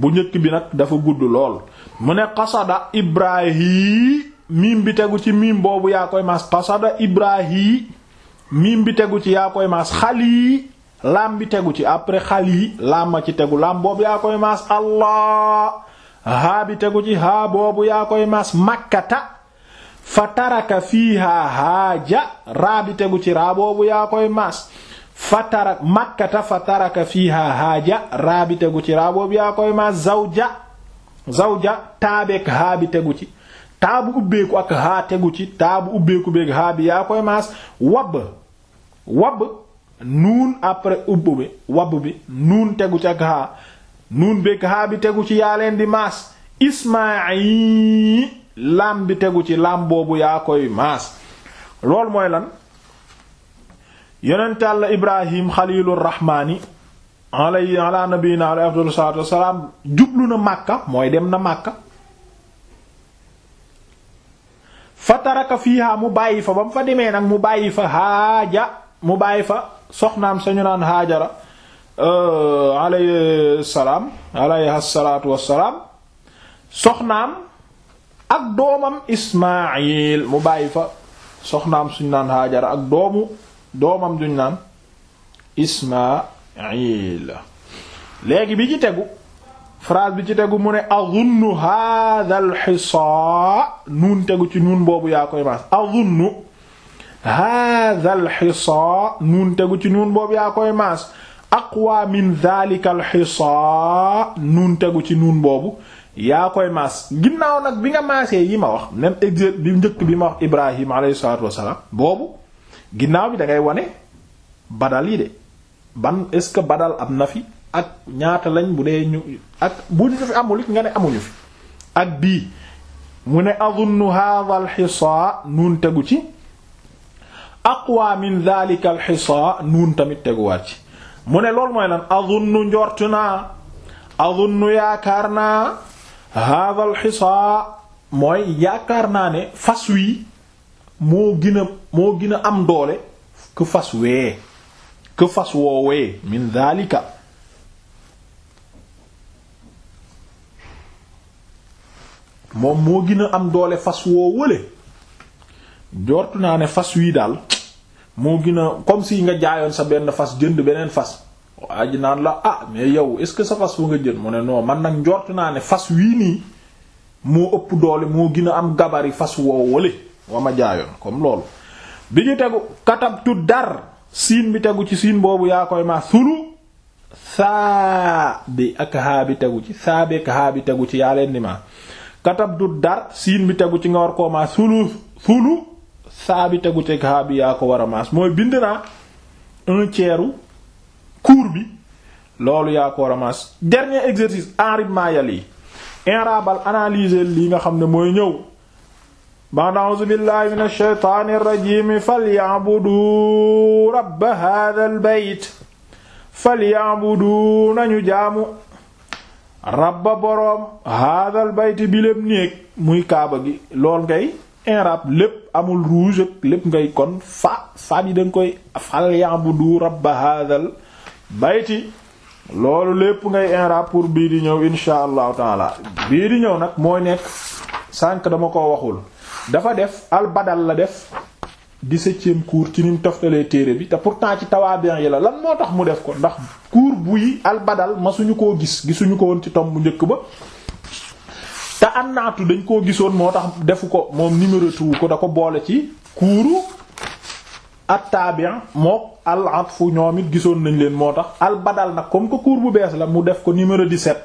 bu njëkk bi nag dafa gudd lool mu ne qasada ibrahim miim bi tegu ci miim boobu yaa koy maas qasada ibrahim miim bi tegu ci yaa koy maas xali laam bi tegu ci après xali laam ma ci tegu laam boobu yaa koy maas allah haa bi tegu ci haa boobu yaa koy maas makkata fa taraka fiihaa haaja raa bi tegu ci raa boobu yaa koy maas fa taraka fiihaa haaja raa bi tegu ci raa boobu yaa koy maas zawja zawja taabeeg haa bi tegu ci taabu ubbeeku ak haa tegu ci taabu ubbeeku beeg haa bi yaa koy maas wabb wabb nuun après ubb bi wabb bi nuun tegu ci ak haa nuun beeg haa bi tegu ci yaa leen di maas ismaayil laam bi tegu ci laam boobu yaa koy maas loolu mooy lan yonent Yàlla Ibrahim xaliilur rahmaani alay ala nabiyina alayhi afdalu salaatu jublu na Makka mooy dem na Makka fa taraka fiiha mu bàyyi fa ba fa demee nag mu bàyyi fa haaja mu bàyyi fa soxnaam sañu naan haajara euh, alayhi salaam alayha salaatu wassalaam soxnaam ak doomam Ismaayil bàyyi fa soxnaam suñu naan haajara ak doomu doomam duñu naan Ismaa iila léegi bi ci tegu phrase bi ci tegu mu ne azunnu hadha al xisaa tegu ci nuun boobu yaa koy maas azunnu hadha al xisaa tegu ci nuun boobu yaa koy maas aqwa tegu ci nuun boobu yaa koy maas ginnaaw nag bi nga maasee yi ma wax même bi njëkk bi ma wax Ibrahim alayhi salaatu wassalaam boobu ginnaaw bi dangay ngay wane badal yi de ban est-ce que badal am na fi ak ñaata lañ bu dee ñu ak bu ñu fi amul nga ne amuñu fi ak bii mu ne adunnu hadha alxisaa nuun tegu ci aqwa min dhalika alxisaa nuun tamit teguwaat ci mu ne loolu mooy lan adunnu njort naa adunnu yaakaar naa hadha alxisaa mooy yaakaar naa ne fas wi moo gën a moo gën am doole ku fas wee que fas woowee min daalika moom moo gën a am doole fas woo wële jortu naa ne fas wii daal moo gën a comme si nga jaayoon sa benn fas jënd beneen fas waa ji naan la ah mais yow est-ce que sa fas wu nga jënd mu ne noo man nag njort naa ne fas wii nii moo ëpp doole moo gën a am gabari fas woo wële ma jaayoon comme loolu bi ñu tegu katabtu dar siin bi tegu ci siin boobu yaa koy maas sulu saa ak haa tegu ci saa bi ak haa tegu ci yaa leen di maas katab du dar siin bi tegu ci nga war koo maas sulu sulu saa tegu ci ak haa yaa ko war a maas mooy bind naa un tiers bi loolu yaa ko war a maas dernier exercice enribement yal yi inrabal analyser lii nga xam ne mooy ñëw ba'd a'uuzu billaahi mina shaytaani rajiim falya'buduu rabba falyan bayt falya'buduu nañu jaamu rabba boroom haadhal bayt bi lépp néeg muy kaaba gi lool ngay inrab lépp amul rouge ak lépp ngay kon fa fa yi danga koy falya'buduu rabba haadhal bayti loolu lépp ngay inrab pour bii di ñëw insha allahu taala bii di ñëw nag mooy nekk sànq dama ko waxul dafa def albadal la def dix-septième cours ci ni mu toftalee téere bi te pourtant ci tawaabiyan yi la lan moo tax mu def ko ndax cours buy albadal ma suñu koo gis gisuñu ko woon ci tom bu njëkk ba te annaatu dañ koo gisoon moo tax defu ko moom numérotu ko da ko boole ci kuuru attaabian mook al atfu ñoom it gisoon nañ leen moo tax albadal na comme que cours bu bees la mu def ko numéro 17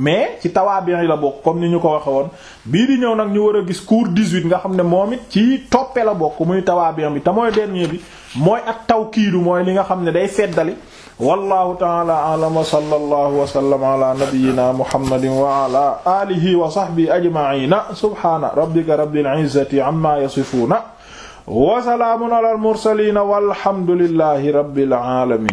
mais ci tawaabi'i la bokk comme ni ñu ko waxe woon bii di ñëw nag ñu war a gis cours 18 nga xam ne moom it ci toppe la bokk muy tawaabi'i bi te mooy dernier bi mooy at tawkiidu mooy li nga xam ne day feddali wallahu taala a'lam wa sallallahu wa sallama ala nabiyyina muhammadin wa ala alihi wa sahbihi ajma'ina subhana rabbika rabbil izzati amma yasifuna wa salaamun ala al mursalin walhamdulillahi rabbil alamin